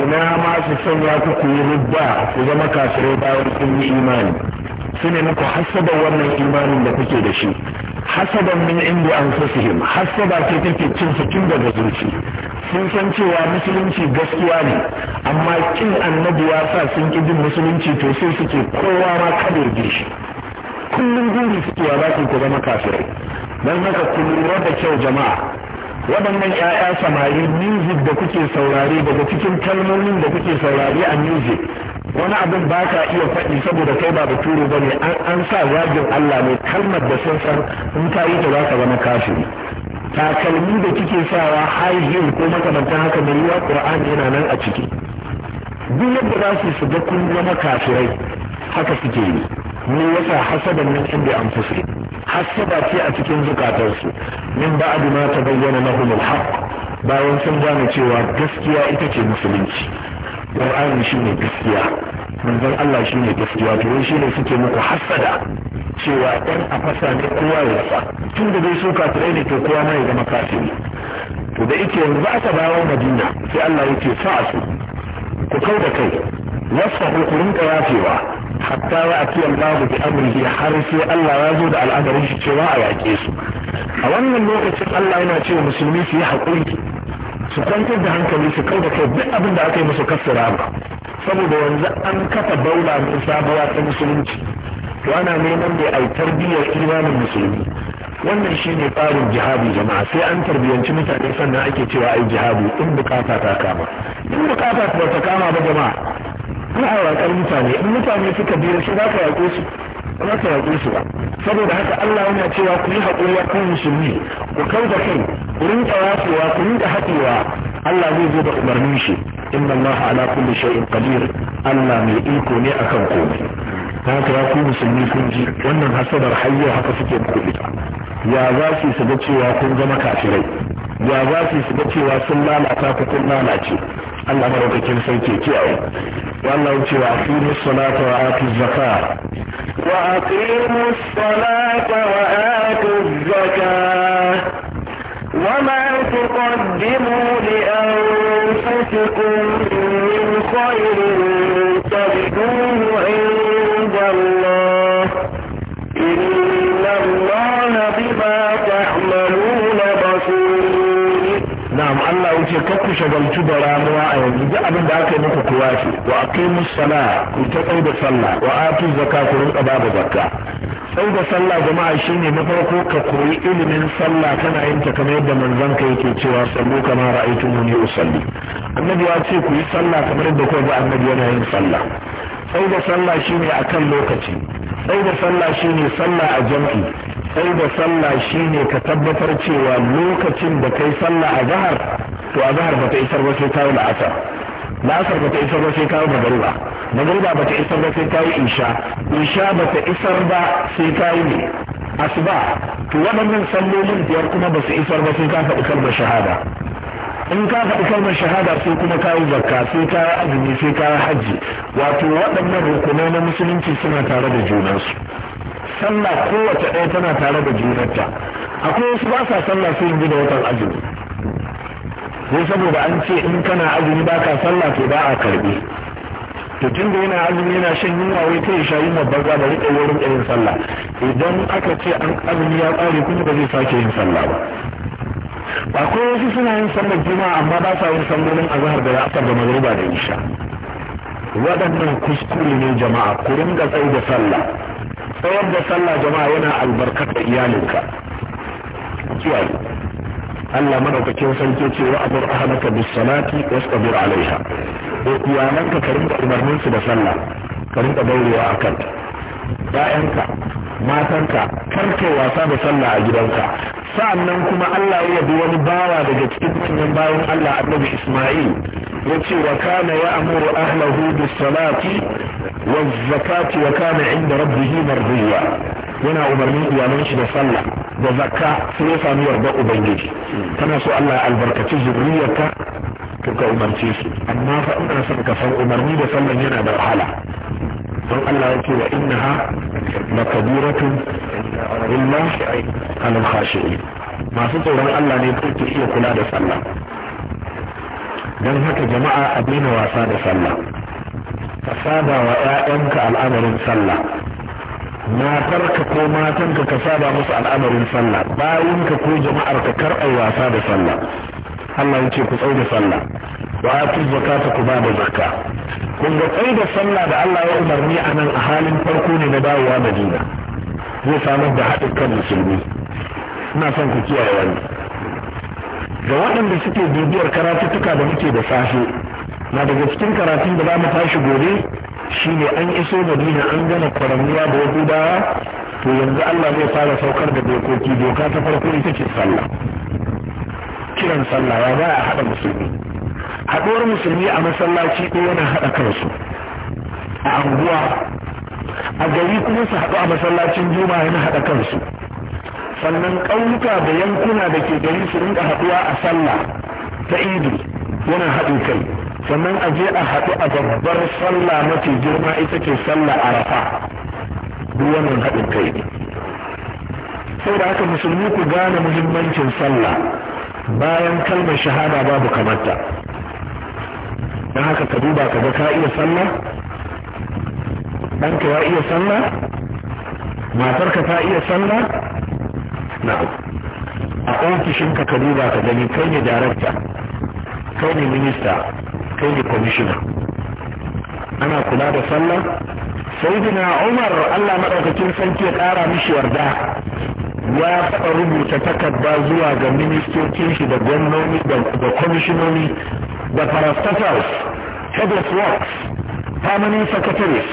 ina ma su sanya ku ku yi rudda ku zama kafirai bayan sun yi imani sune muku hasada wannan imanin da kuke da shi hasadan min inda an fasihim hasada ce take cin su tun daga zuci sun san cewa musulunci gaskiya ne amma kin annabi ya sa sun ki jin musulunci to sai suke kowa ma kadirge shi kullum guri suke wa zaki ku zama kafirai don haka ku lura da kyau jama'a waɗannan 'ya'ya samari music da kuke saurare daga cikin kalmomin da kuke saurare a music wani abin ba ka iya faɗi saboda kai ba bature ba ne an sa zagin Allah ne kalmar da sun san in ka yi ta za ka zama kafiri takalmi da kike sawa high heel ko makamantan haka mai yiwa qur'ani yana nan a ciki duk yadda za su shiga kun zama kafirai haka suke yi me yasa hasadan nan inda an fuske hasada ce a cikin zukatarsu min ba'd ma tabayyana lahum al-haqq bayan sun gane cewa gaskiya ita ce musulunci qur'ani shine gaskiya manzon Allah shine gaskiya to shi ne suke muku hasada cewa dan a fasa ne kowa ya rasa tun da dai su tare to kowa ma ya zama kafiri to da yake yanzu aka dawo Madina sai Allah yake sa su ku kau da kai wasfahu ku rinka yafewa hatta wa atiya Allah bi amrihi har sai Allah ya zo da al'adarin shi cewa a yake su a wannan lokacin Allah yana cewa musulmi su yi haƙuri su kwantar da hankali su kau da kai duk abin da aka yi musu kassara ba saboda yanzu an kafa daula mai sabuwa ta musulunci to ana neman da ai tarbiyyar imanin musulmi wannan shi ne tsarin jihadi jama'a sai an tarbiyyanci mutane sannan ake cewa ai jihadi in bukata ta kama in bukata ba ta kama ba jama'a ana yaƙar mutane in mutane suka biyar su za ka yaƙe su ba za su yaƙe su ba saboda haka Allah yana cewa ku yi haƙuri ku kan musulmi ku kai da kai ku rinka wasuwa ku rinka haɗewa Allah zai zo da umarnin shi inna Allah ala kulli shay'in qadir Allah mai iko ne akan komai ta haka ya ku musulmi kun ji wannan hasadar hayya haka suke kuɗi ya za su su ga cewa kun zama kafirai ya za su su ga cewa sun lalata ku kun lalace Allah madaukakin sarki kiyaye wannan cewa aqimu salata wa ati zaka wa aqimu salata wa ati zaka وما تقدموا لأنفسكم من خير ce ku shagaltu da ramuwa a yanzu duk abin da aka yi muku kuwa wace wa aqimu sala ku ta tsau da sallah wa atu zakka ku rinka ba da zakka tsau da sallah jama'a shine na farko ka koyi ilimin sallah kana yin ta kamar yadda manzon ka yake cewa sallu kama ra'aytumuni usalli annabi ya ce ku yi sallah kamar yadda kuka ga annabi yana yin sallah sai da sallah shine akan lokaci sai da sallah shine sallah a jam'i sai da sallah shine ka tabbatar cewa lokacin da kai sallah a zahar to a zahar bata isar ba sai ta yi la'asar la'asar bata isar ba sai ta yi magariba magariba bata isar ba sai ta yi insha isha bata isar ba sai ta yi ne asuba to waɗannan sallolin biyar kuma ba su isar ba sai ka faɗi kalmar shahada in ka faɗi kalmar shahada sai kuma ka yi zakka sai ka yi azumi sai ka yi hajji wato waɗannan rukunai na musulunci suna tare da junansu sallah kowace ɗaya tana tare da junanta akwai wasu ba sa sallah sai yanzu da watan azumi ko saboda an ce in kana azumi ba ka, sallah to ba a karbe to tun da yana azumi yana shan yunwa wai kai shayi babbar da rike wurin irin sallah idan aka ce an azumi ya tsare kuma ba zai sake yin sallah ba ba ko wasu suna yin sallar juma'a amma ba sa yin sallolin azhar da asar da magriba da isha waɗannan kuskure ne jama'a ku ringa tsayi da sallah tsayar da sallah jama'a yana albarkar da iyalinka kiyaye Allah madaukakin sarki ce wa amur ahlaka bis salati wasbir alaiha ko iyalanka ka rinka umarnin su da sallah ka rinka daurewa akan ƴaƴanka matanka kar wasa da sallah a gidanka sa'annan kuma Allah ya yabi wani bawa daga cikin manyan bayan Allah Annabi Isma'il yace wa kana ya'muru ahlahu bis salati waz zakati wa kana 'inda rabbih mardiya yana umarnin iyalan shi da sallah da zakka sai ya samu yarda ubangiji kana so Allah ya albarkaci zuriyarka to ka umarce su amma fa in kana son ka san umarni da sallah yana da wahala don Allah ya ce wa innaha lakabiratun illa alal khashi'in masu tsoron Allah ne kuke iya kula da sallah don haka jama'a a daina wasa da sallah ka saba wa 'ya'yanka al'amarin sallah matarka ko matanka ka saba musu al'amarin sallah ka ko jama'ar ka kar ai wasa da sallah Allah yace ku tsaye da sallah wa atu zakata ku ba da zakka kun ga tsaye da sallah da Allah ya umarni a nan a halin farko ne na dawowa Madina zai samar da haɗin kan musulmi ina son ku kiyaye wani ga waɗanda suke bibiyar karatuttuka da muke da safe na daga cikin karatun da za mu tashi gobe shine an iso madina an gana kwaranniya da yahudawa to yanzu allah zai fara saukar da dokoki doka ta farko ita ce sallah kiran sallah ya a haɗa musulmi haɗuwar musulmi a masallaci ko yana haɗa kansu a anguwa a gari kuma su haɗu a masallacin juma yana haɗa kansu sannan ƙauyuka da yankuna da ke gari su rinka haɗuwa a sallah ta idi yana haɗin kai sannan a je a haɗu a babbar sallah mafi girma ita ce sallah arafa duk wannan haɗin kai ne saboda haka musulmi ku gane muhimmancin sallah bayan kalmar shahada babu kamata don haka ka duba ka ga ka iya sallah ɗanka ya iya sallah matarka ta iya sallah na'am a ofishinka ka duba ka gani kai ne darakta kai ne minista kai ne kwamishina ana kula da sallah sayyidina umar allah maɗaukakin sanki ya ƙara mishi yarda ya taɓa rubuta takarda zuwa ga ministocin shi da gwamnoni da kwamishinoni da parastatals head of works permanent secretaries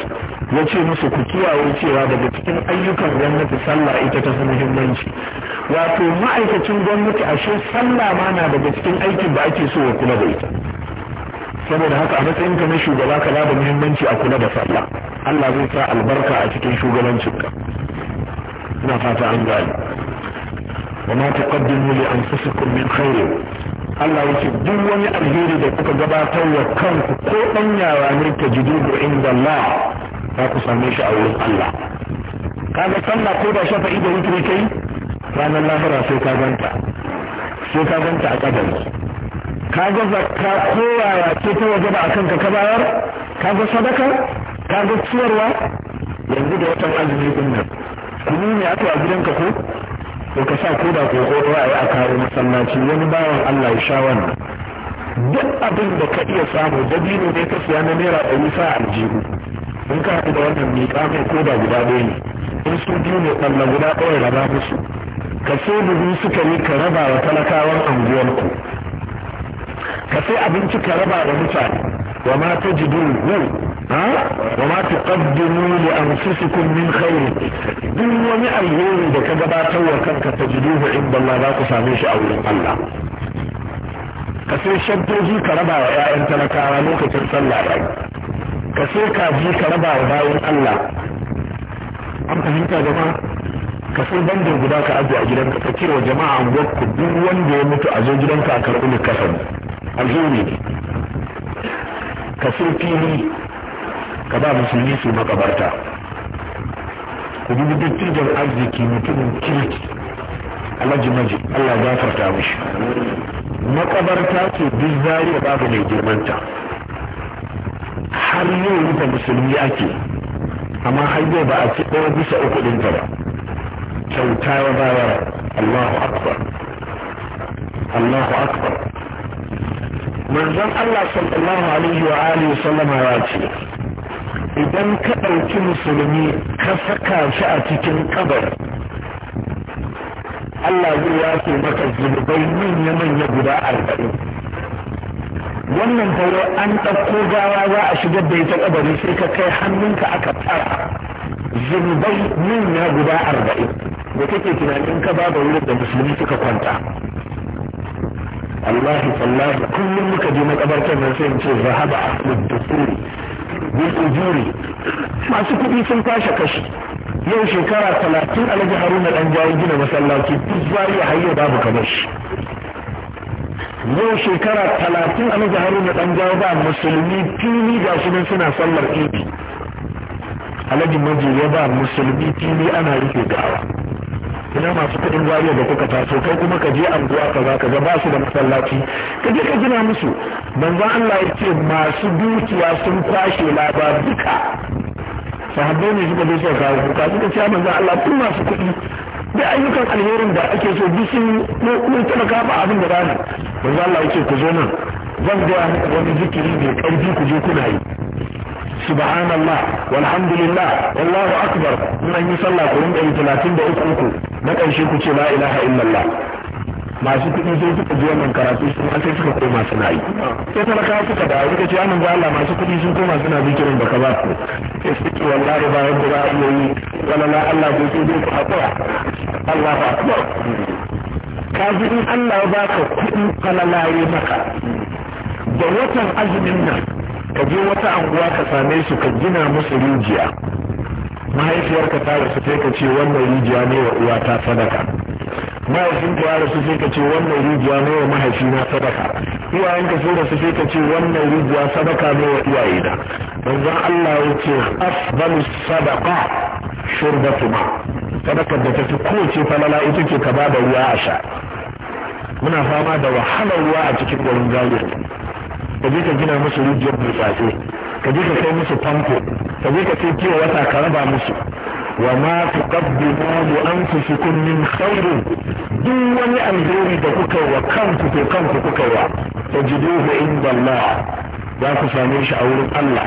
ya ce musu ku kiyaye cewa daga cikin ayyukan gwamnati sallah ita ta fi muhimmanci wato ma'aikacin gwamnati ashe sallah ma na daga cikin aikin da ake so ya kula da ita saboda haka a matsayin ka na shugaba ka ba da muhimmanci a kula da sallah Allah zai sa albarka a cikin shugabancinka ina fata an gane wa ma taqaddimu li anfusikum min khairin Allah yake duk wani alheri da kuka gabatar wa kanku ko dan yara ne ta jidudu inda Allah za ku same shi a wurin Allah kaga sallah ko da shafa'i da wutri kai ranar lahira sai ka ganta sai ka ganta a kadari ka ga zakka ya ce ta waje ba a kanka ka bayar ka ga sadaka ka ga ciyarwa yanzu da watan azumi din nan kuma ne aka a gidanka ko ko ka sa ko da koko ra'ayi a kawo masallaci wani bawan Allah ya sha wannan duk abin da ka iya samu dabino ne ka siya na naira ɗari sa aljihu in ka haɗu da wannan miƙa mai ko da guda ɗaya ne in su biyu ne ɗan guda ɗaya raba musu ka so buhu suka yi ka raba wa talakawan anguwarku ka sai abinci ka raba da mutane wa ma tajiduhu وما تقدموا لأنفسكم من خير duk wani alheri da ka gabatar wa kanka ta ji jiduhu inda Allah za ku same shi a wurin Allah ka sai shaddoji ka raba wa 'ya'yan talakawa lokacin sallah ya ka sai kaji ka raba wa bayan Allah an fahimta jama'a ka sai bandar guda ka ajiye a gidanka ka kira jama'a anguwar ku duk wanda ya mutu a zo gidanka a karɓi likafani a ne ka sun fili ka ba musulmi su makabarta ku dubi dattijan arziki mutumin kirki alhaji maji allah gafarta mishi makabarta ce duk zariya babu mai girmanta har yau rufe musulmi ake amma har yau ba a ci ɗaya bisa uku ɗinta ba kyauta ya bayar allahu akbar allahu akbar manzon Allah sallallahu alaihi wa alihi sallama ya ce idan ka ɗauki musulmi ka saka shi a cikin kabar Allah zai yafe maka zunubai manya-manya guda arba'in wannan horo an ɗauko gawa za a shigar da ita kabari sai ka kai hannunka aka tsara zunubai manya guda arba'in da kake tunanin ka babu wurin da musulmi suka kwanta الله صلاح كل منك دينا قبرك من سين في الرهبة للدخول بالأجوري ما سكو بي سنتاشا كشي يو شكرا ثلاثين على جهرون الأنجاوي دينا مسألة كي تزواري حي بابك بش يو شكرا ثلاثين على جهرون الأنجاوي دينا مسلمين تيني جاسو من سنة صلى الله عليه وسلم على جمجي يبا مسلمين تيني أنا يكي دعوة ina masu kuɗin zariya da kuka taso kai kuma ka je anguwa ka za ka ga ba su da masallaci ka je ka gina musu manzon Allah ya ce masu dukiya sun kwashe labar duka sahabbai ne suka zo ka ku ka suka ce manzon Allah kun masu kuɗi da ayyukan alherin da ake so duk sun mun talaka ba abin da bani manzo Allah ce ku zo nan zan ga wani zikiri mai karfi ku je kuna yi subhanallah walhamdulillah wallahu akbar in yi sallah ku rinka yi talatin Allah baka kuɗi watan ka je wata anguwa ka same su ka gina musu rijiya mahaifiyarka ta rasu sai ka ce wannan rijiya ne wa uwa ta sadaka mahaifinka ya rasu sai ka ce wannan rijiya ne wa mahaifina sadaka ka sun rasu sai ka ce wannan rijiya sadaka ne wa na manzon Allah ya ce afdalu sadaqa shurbatu ma sadakar da ta fi kowace falala ita ce ka bada ruwa a sha muna fama da wahalar ruwa a cikin garin gawar ka je ka gina musu rijiyar burtsatse ka je ka kai musu famfo ka je ka kai kiwo wata ka raba musu wa ma mu tuqaddimu li anfusikum min khairin duk wani alheri da kuka wa kanku ko kanku kuka wa ta tajiduhu inda Allah za ku same shi a wurin Allah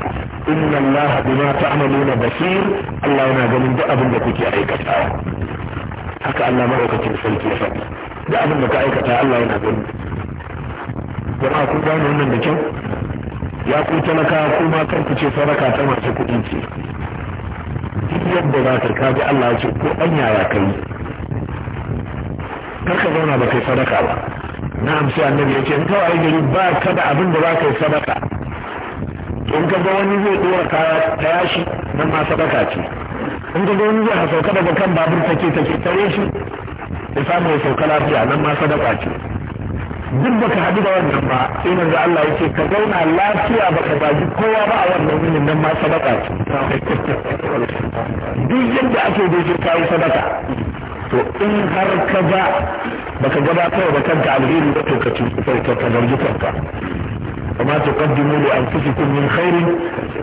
inna Allah bima ta'maluna basir Allah yana ganin duk abin da kuke aikatawa haka Allah madaukakin sarki ya faɗi duk abin da ka aikata Allah yana ganin. jama'a kun gane wannan da kyau ya ku talaka ko ma kan ku ce sadaka ta masu kuɗi ce duk yadda za ka kaji Allah ya ce ko an yaya kai kar ka zauna ba kai sadaka ba na amsa annabi ya ce in kawai gari ba ka da abin da za ka yi sadaka in ka ga wani zai ɗora kaya ta yashi nan ma sadaka ce in ka ga wani zai hasauka daga kan babur take take tare shi ya samu ya sauka lafiya nan ma sadaka ce duk ka haɗu da wannan ba sai manzo Allah ya ce ka zauna lafiya baka baji kowa ba a wannan wurin nan ma sadaka ce duk yadda ake dokin kayi sadaka to in har ka ga baka gabatar da kanka alheri ba to ka ci ka zargi kanka وما تقدموا لأنفسكم من خير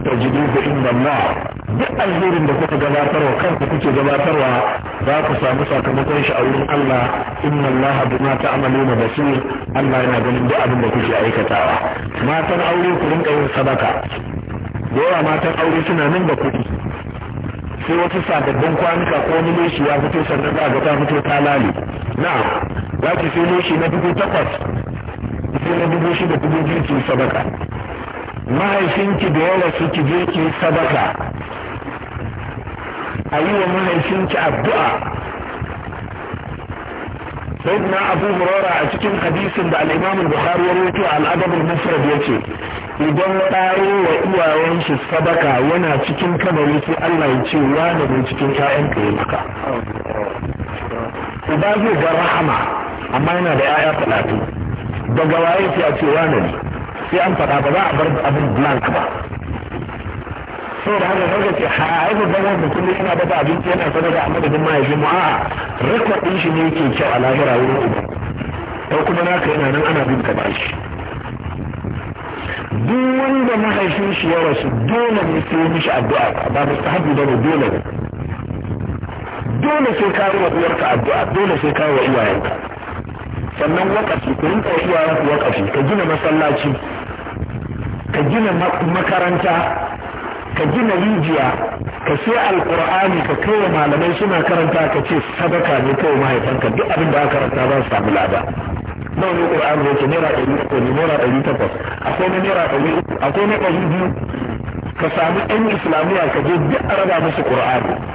تجدوه عند الله duk alherin da kuka gabatarwa kanku kuke gabatarwa za ku samu sakamakon shi a wurin Allah inna Allah bima ta'maluna basir Allah yana ganin duk abinda kuke aikata. matan aure ku rinka yin sadaka da yawa matan aure suna nan da kuɗi sai wasu sababbin kwanuka ko wani leshi ya fito sannan za ga ta fito ta lale na'am za ki sai leshi na dubu takwas ko na dubu shida dubu biyu ki sadaka mahaifinki da yawa su ki je ki sadaka a yi wa mahaifinki addu'a sayyidina abu hurara a cikin hadisin da al bukhari ya rawaito al-adab al-mufrad ce. idan ɗaro wa iyayen shi sadaka yana cikin kamari sai Allah ya ce wani ne cikin ƴaƴan ka yi maka uba zai ga rahama amma yana da ƴaƴa talatin daga waye sai a ce wane ne sai an faɗa ba za a bar abin blank ba saboda haka kaga ce ha ai babban wanda kullum yana dafa abinci yana sanar da bin mahaifin mu a'a rekod din shi ne yake kyau a lahira wurin uba ko kuma naka yana nan ana bin ka bashi duk wanda mahaifin shi ya rasu dole ne sai mishi addu'a ba mustahabi ba dole ne dole sai kawo wa uwarka addu'a dole sai kawo wa iyayenka sannan wakafi ku rinka wa iyayenku wakafi ka gina masallaci ka gina makaranta ka gina rijiya ka sai alkur'ani ka kai wa malamai suna karanta ka ce sadaka ne kai mahaifanka duk abin da aka karanta za su samu lada nawa ne ƙur'ani ce naira ɗari uku ne naira ɗari takwas akwai na naira ɗari uku akwai na ɗari biyu ka sami ɗan islamiyya ka je duk a raba musu ƙur'ani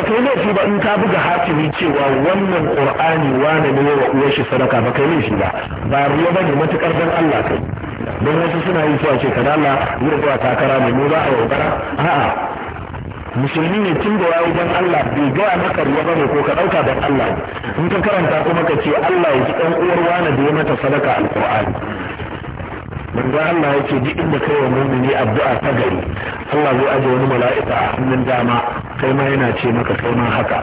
ba kai laifi ba in ka buga hatimi cewa wannan qur'ani wane ne wa uwar shi sadaka ba kai laifi ba ba riya bane matakar dan Allah kai don wasu suna yi cewa ce Allah zai zuwa takara mai mu za a yaudara a'a musulmi ne tun da yayi dan Allah bai gaya maka riya bane ko ka dauka dan Allah in ka karanta kuma ka ce Allah ya ji dan uwar wane da ya mata sadaka alqur'ani manzo Allah yake duk inda kai wa mumini addu'a ta gari Allah zai aje wani mala'ika a hannun dama kai ma yana ce maka kai ma haka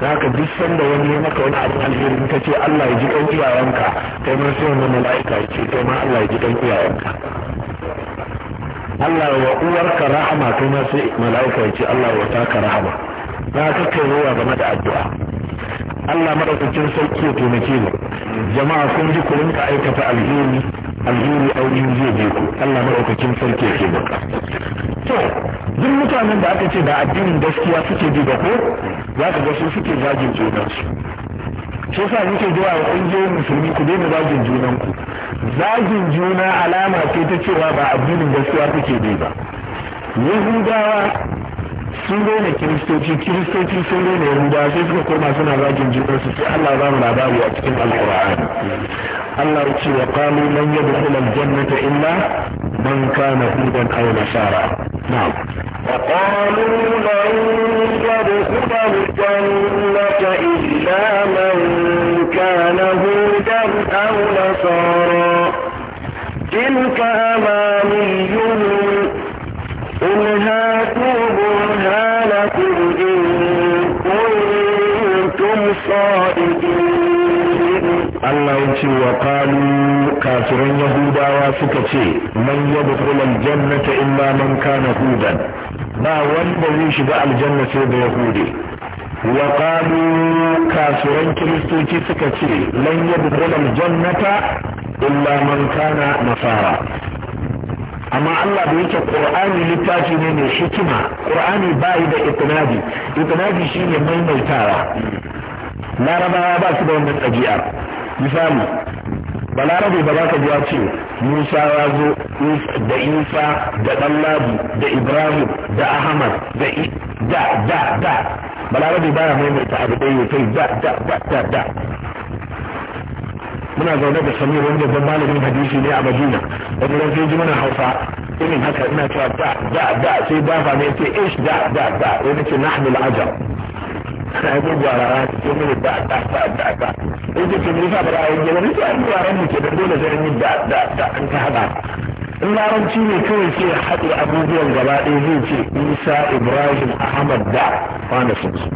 haka duk sanda wani ya maka wani abu alheri in kace Allah ya ji kan iyayenka kai ma sai wannan mala'ika ya ce kai ma Allah ya ji kan iyayenka Allah wa uwarka rahama kai ma sai mala'ika ya ce Allah wa taka rahama za ka kai ruwa game da addu'a Allah madaukakin sarki ya taimake mu jama'a kun ji ku ka aikata alheri alheri aure zai je ku Allah maɗaukakin sarki ke baka to duk mutanen da aka ce da addinin gaskiya suke bi ba ko za ka ga su suke zagin junansu shi yasa muke zuwa wa ƙungiyoyin musulmi ku daina zagin junanku zagin juna alama ce ta cewa ba addinin gaskiya suke bi ba yahudawa sun daina kiristoci kiristoci sun daina yahudawa sai suka koma suna zagin junansu sai Allah ba mu labari a cikin alqur'ani Allah ya ce wa qalu lan yadkhul aljannata illa man kana hudan aw nasara na'am wa qalu lan yadkhul aljannata illa man kana hudan aw nasara Allah ya ce wa qalu kafiran yahudawa suka ce man yadkhul jannata illa man kana hudan ba wanda zai shiga aljanna sai da yahudi wa qalu kafiran kiristoci suka ce lan yadkhul jannata illa man kana nasara amma Allah da yake Qur'ani littafi ne mai hikima Qur'ani bai da itinabi itinabi shine maimaitawa larabawa ba su da wannan ɗabi'a misali balarabe ba za ka ji ce musa ya zo da isa da ɗanladi da ibrahim da ahmad da da da da balarabe ba ya maimaita abu ɗaya ya kai da da da da da muna zaune da samir wanda ban malamin hadisi ne a madina wani ran sai ji mana hausa irin haka ina cewa da da da sai dafa ne ce ish da da da wani ce nahnu al-ajab sai gwara sai mun da da da da yake ce mai ba a yanke wani ta yi yaran mu ke da dole zai yi da da da an ta hada in larabci ne kawai sai haɗe abubuwan gaba ɗaya zai ce isa ibrahim ahmad da wanda sun su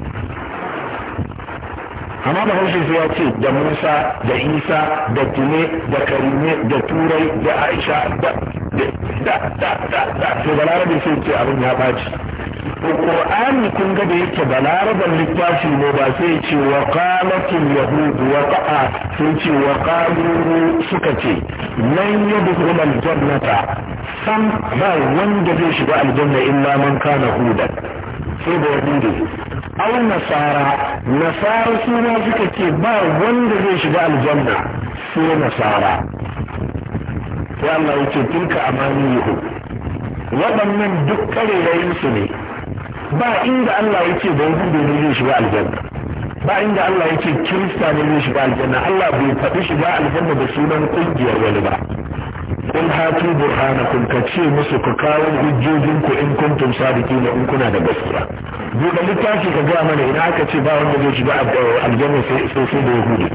amma da haushe sai ya ce da musa da isa da tune da karime da turai da aisha da da da da da to balarabe sai ce abin ya ɓaci Qur'ani kun ga da yake balaraban littafi ne ba sai ce wa qalatul yahud wa qa'a sai ce wa qalu suka ce lan yadkhul al jannata sam ba wanda zai shiga aljanna illa man kana hudan sai da yahudi aw nasara nasara su suka ce ba wanda zai shiga aljanna sai nasara sai Allah ya ce tilka amaniyuhu Wadannan duk karerayin su ne ba inda Allah ya ce da yahudu ne zai shiga aljanna ba inda Allah ce kirista ne zai shiga aljanna Allah bai faɗi shiga aljanna da sunan ƙungiyar wani ba in hatu kun ka ce musu ku kawo hujjojin ku in kuntum sadiqin in kuna da gaskiya buɗe littafi ka ga mana ina aka ce ba wanda zai shiga eh, aljanna sai sai da yahudi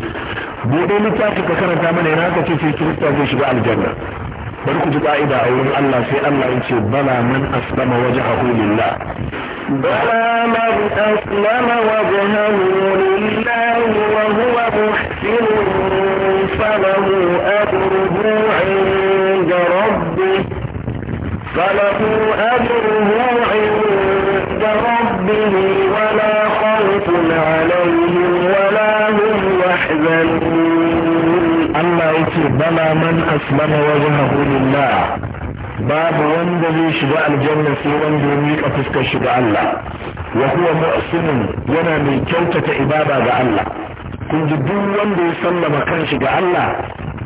buɗe littafi ka karanta mana ina aka ce sai kirista zai shiga aljanna bari ku ji ka'ida a wurin Allah sai Allah ya ce bala man aslama wajhahu lillah bala man aslama wajhahu lillah wa huwa muhsin falahu ajruhu 'inda rabbih falahu ajruhu 'inda rabbih بلا من أسلم وجهه لله باب وند ذي شجاع الجنة في وند ميك أفسك شجاع الله وهو مؤسن ينا من كوتة إبادة جاء الله كن جدون وند يسلم كان شجاع الله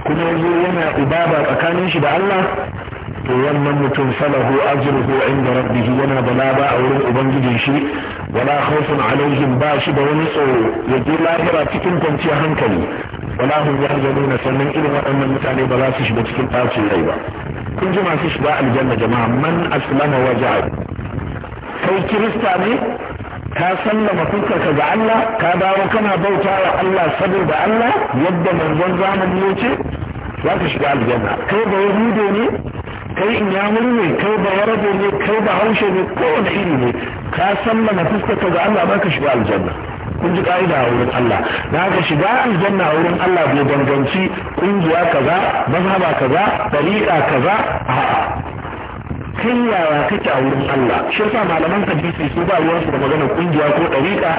كن يزو ينا إبادة كان شجاع الله to wannan mutum falahu ajruhu inda rabbih yana bala ba a wurin ubangijin shi wala khawfun alaihim ba shi da wani tsoro ya je lahira cikin kwanciyar hankali wala hum yahzanuna sannan irin waɗannan mutane ba za su shiga cikin ɗaci rai ba kun ji masu shiga aljanna jama'a man aslama waja'a kai kirista ne ka sallama ka ga Allah ka dawo kana bauta wa Allah saboda Allah yadda manzon zamani ya ce za ka shiga aljanna kai ba yahudo ne kai in yamuri ne kai ba yarabe ne kai ba haushe ne kowane iri ne ka san mana fuskarka ga Allah ba ka shiga aljanna kun ji ka'ida a wurin Allah da haka shiga aljanna a wurin Allah bai danganci kungiya kaza mazhaba kaza dariƙa kaza a kai yaya kake a wurin Allah shi yasa malaman hadisi su ba ruwan su da magana kungiya ko dariƙa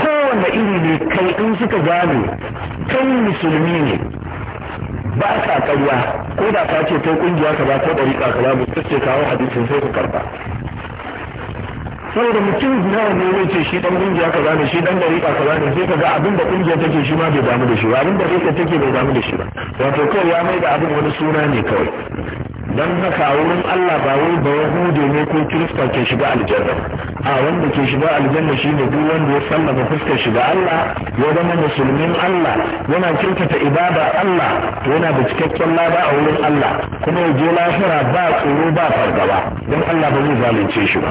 kowane iri ne kai in suka gane kai musulmi ne ba sa karya ko da ka ce kai kungiya ka ba ko ɗari ka ba mu ce kawo hadisin sai ku karba saboda mutum nawa ne zai ce shi dan kungiya kaza ne shi dan dariƙa kaza ne sai kaga abin da kungiya take shi ma bai damu da shi ba abin da dariƙa take bai damu da shi ba wato kawai ya mai da abin wani suna ne kawai dan haka wurin Allah ba wai ba yahudu ne ko kirista ke shiga aljanna a wanda ke shiga aljanna shine duk wanda ya sallama fuskar shi ga Allah ya zama musulmin Allah yana kirkata ibada Allah yana da cikakken lada a wurin Allah kuma ya je lahira ba tsoro ba fargaba dan Allah ba zai zalunce shi ba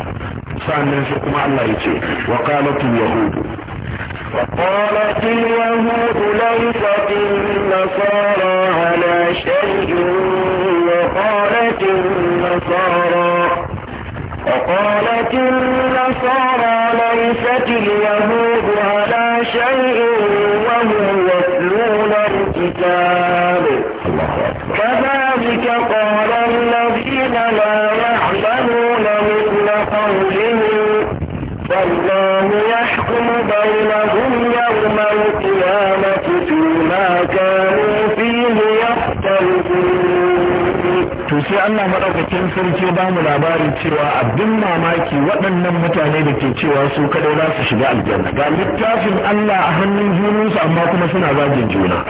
sannan shi kuma Allah ya ce wa qalatul yahud وقالت اليهود ليست النصارى Allah madaukakin sarki ba mu labarin cewa abin mamaki waɗannan mutane da ke cewa su kadai za su shiga aljanna ga littafin Allah a hannun junansu amma kuma suna zagin juna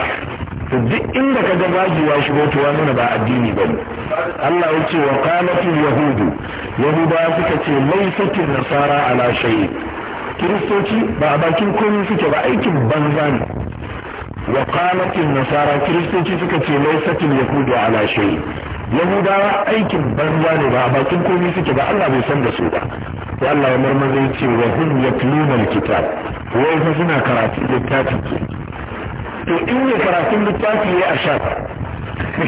to duk inda ka ga zagi shigo to nuna ba addini ba ne Allah ya ce wa qalatul yahudu yahuda suka ce laysatil nasara ala shay kristoci ba a bakin komai suke ba aikin banza ne wa nasara kiristoci suka ce laysatil yahudu ala shay'in yahudawa aikin banza ne ba a bakin komai suke ba Allah bai san da su ba to Allah ya marmaza ya ce wa hum yatluna alkitab wai fa suna karatu littafi to in ne karatun littafi ya a shafa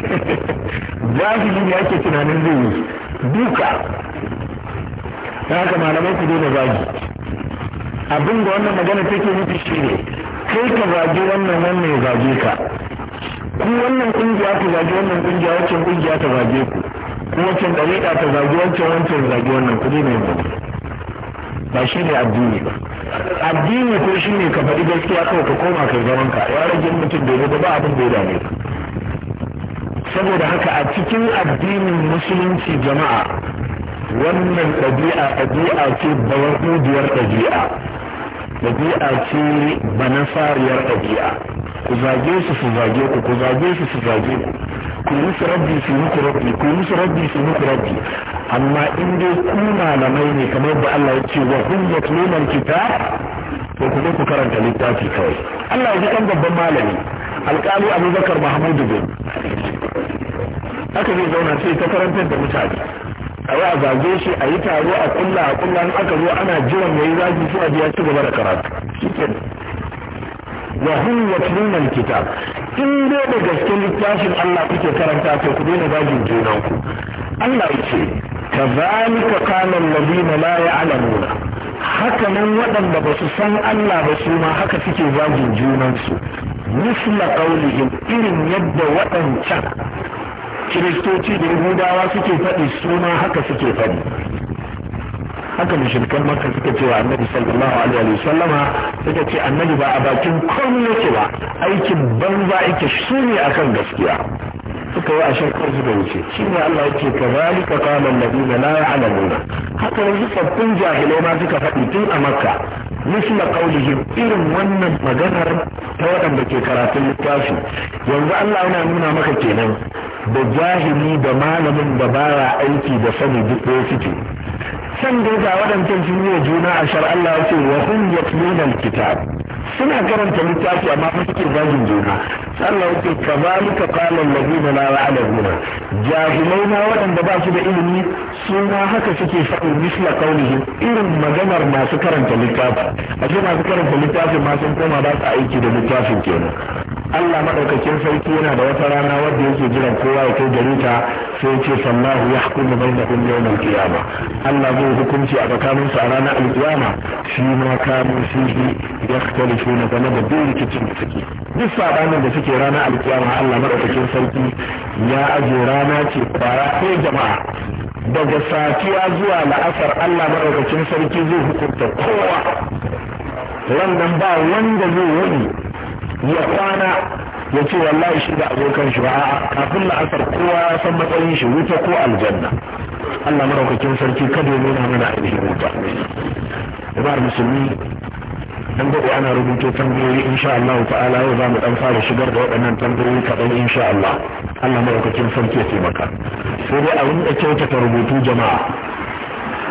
jahili ne ake tunanin zai yi duka ta haka malamai ku daina zagi abin da wannan magana take nufi shi ne kai ka zage wannan wannan ya zage ka ku wannan kungiya ku zagi wannan kungiya wancan kungiya ta zage ku ku wancan dariƙa ta zagi wancan wancan zagi wannan ku ne mai ba shi ne addini ba addini ko shi ne ka faɗi gaskiya kawai ka koma kai zaman ka ya rage mutum da zo ba abin da ya dame ka saboda haka a cikin addinin musulunci jama'a wannan ɗabi'a ɗabi'a ce bawahudiyar ɗabi'a ɗabi'a ce ba banasariyar ɗabi'a ku zage su su zage ku ku zage su su zage ku ku yi musu rabbi su muku rabbi ku yi musu rabbi su muku rabbi amma in dai na mai ne kamar da Allah ya ce wa hum yatluna kitab to ku zo ku karanta littafi kawai Allah ya ji kan babban malami alƙali Abubakar Mahmud bin aka zai zauna sai ta karantar da mutane a yi a zage shi a yi taro a kulla a kulla in aka zo ana jiran yayi zagi su a biya ci gaba da karatu shikenan wa hum yatluna alkitab in dai da gaske littafin Allah kuke karanta to ku daina bajin ku. Allah yace kazalika kana alladhina la ya'lamuna haka nan waɗanda ba su san Allah ba su ma haka suke zagin junansu misla qaulihim irin yadda waɗancan kiristoci da yahudawa suke faɗi su ma haka suke faɗi haka mushrikan maka suka ce wa annabi sallallahu alaihi wa sallama suka ce annabi ba a bakin komai yake ba aikin banza yake shi ne akan gaskiya suka yi a shakar da wuce shi ne Allah ya ce kazalika qala alladhina la ya'lamuna haka ne sabbin jahilai ma suka faɗi tun a makka misla qaulihim irin wannan maganar ta waɗanda ke karatun littafi yanzu Allah yana nuna maka kenan da jahili da malamin da baya aiki da sani duk ɗaya suke san da ya ga waɗancan sun yi juna a shar Allah ya ce wa hum yatluna alkitab suna karanta littafi amma su ke zagin juna sannan yake kazalika qala na la ya'lamuna jahilai na waɗanda ba su da ilimi suna haka suke faɗin misla qaulihim irin maganar masu karanta littafi ashe masu karanta littafin ma sun koma ba su aiki da littafin kenan Allah maɗaukacin sarki yana da wata rana wadda yake jiran kowa ya kai gare ta sai ya ce sallahu yahkumu bainakum yawm al Allah zai hukunci a tsakaninsu a ranar al-qiyamah shi ma kanu fihi yaktalu ne game da rikicin da suke duk sabanin da suke rana alkiyama Allah madaukakin sarki ya aje rana ce kwaya ko jama'a daga safiya zuwa la'asar Allah madaukakin sarki zai hukunta kowa wannan ba wanda zai wani ya kwana ya ce wallahi shi da abokan shi ba a kafin la'asar kowa ya san matsayin shi wuta ko aljanna Allah maraukakin sarki kada ya nuna mana ainihin wuta. Ibar musulmi dan gobe ana rubuto tambayoyi insha Allah ta'ala yau zamu dan fara shigar da waɗannan tambayoyi kaɗan insha Allah Allah madaukakin sarki ya taimaka sai dai a rinka kyautata rubutu jama'a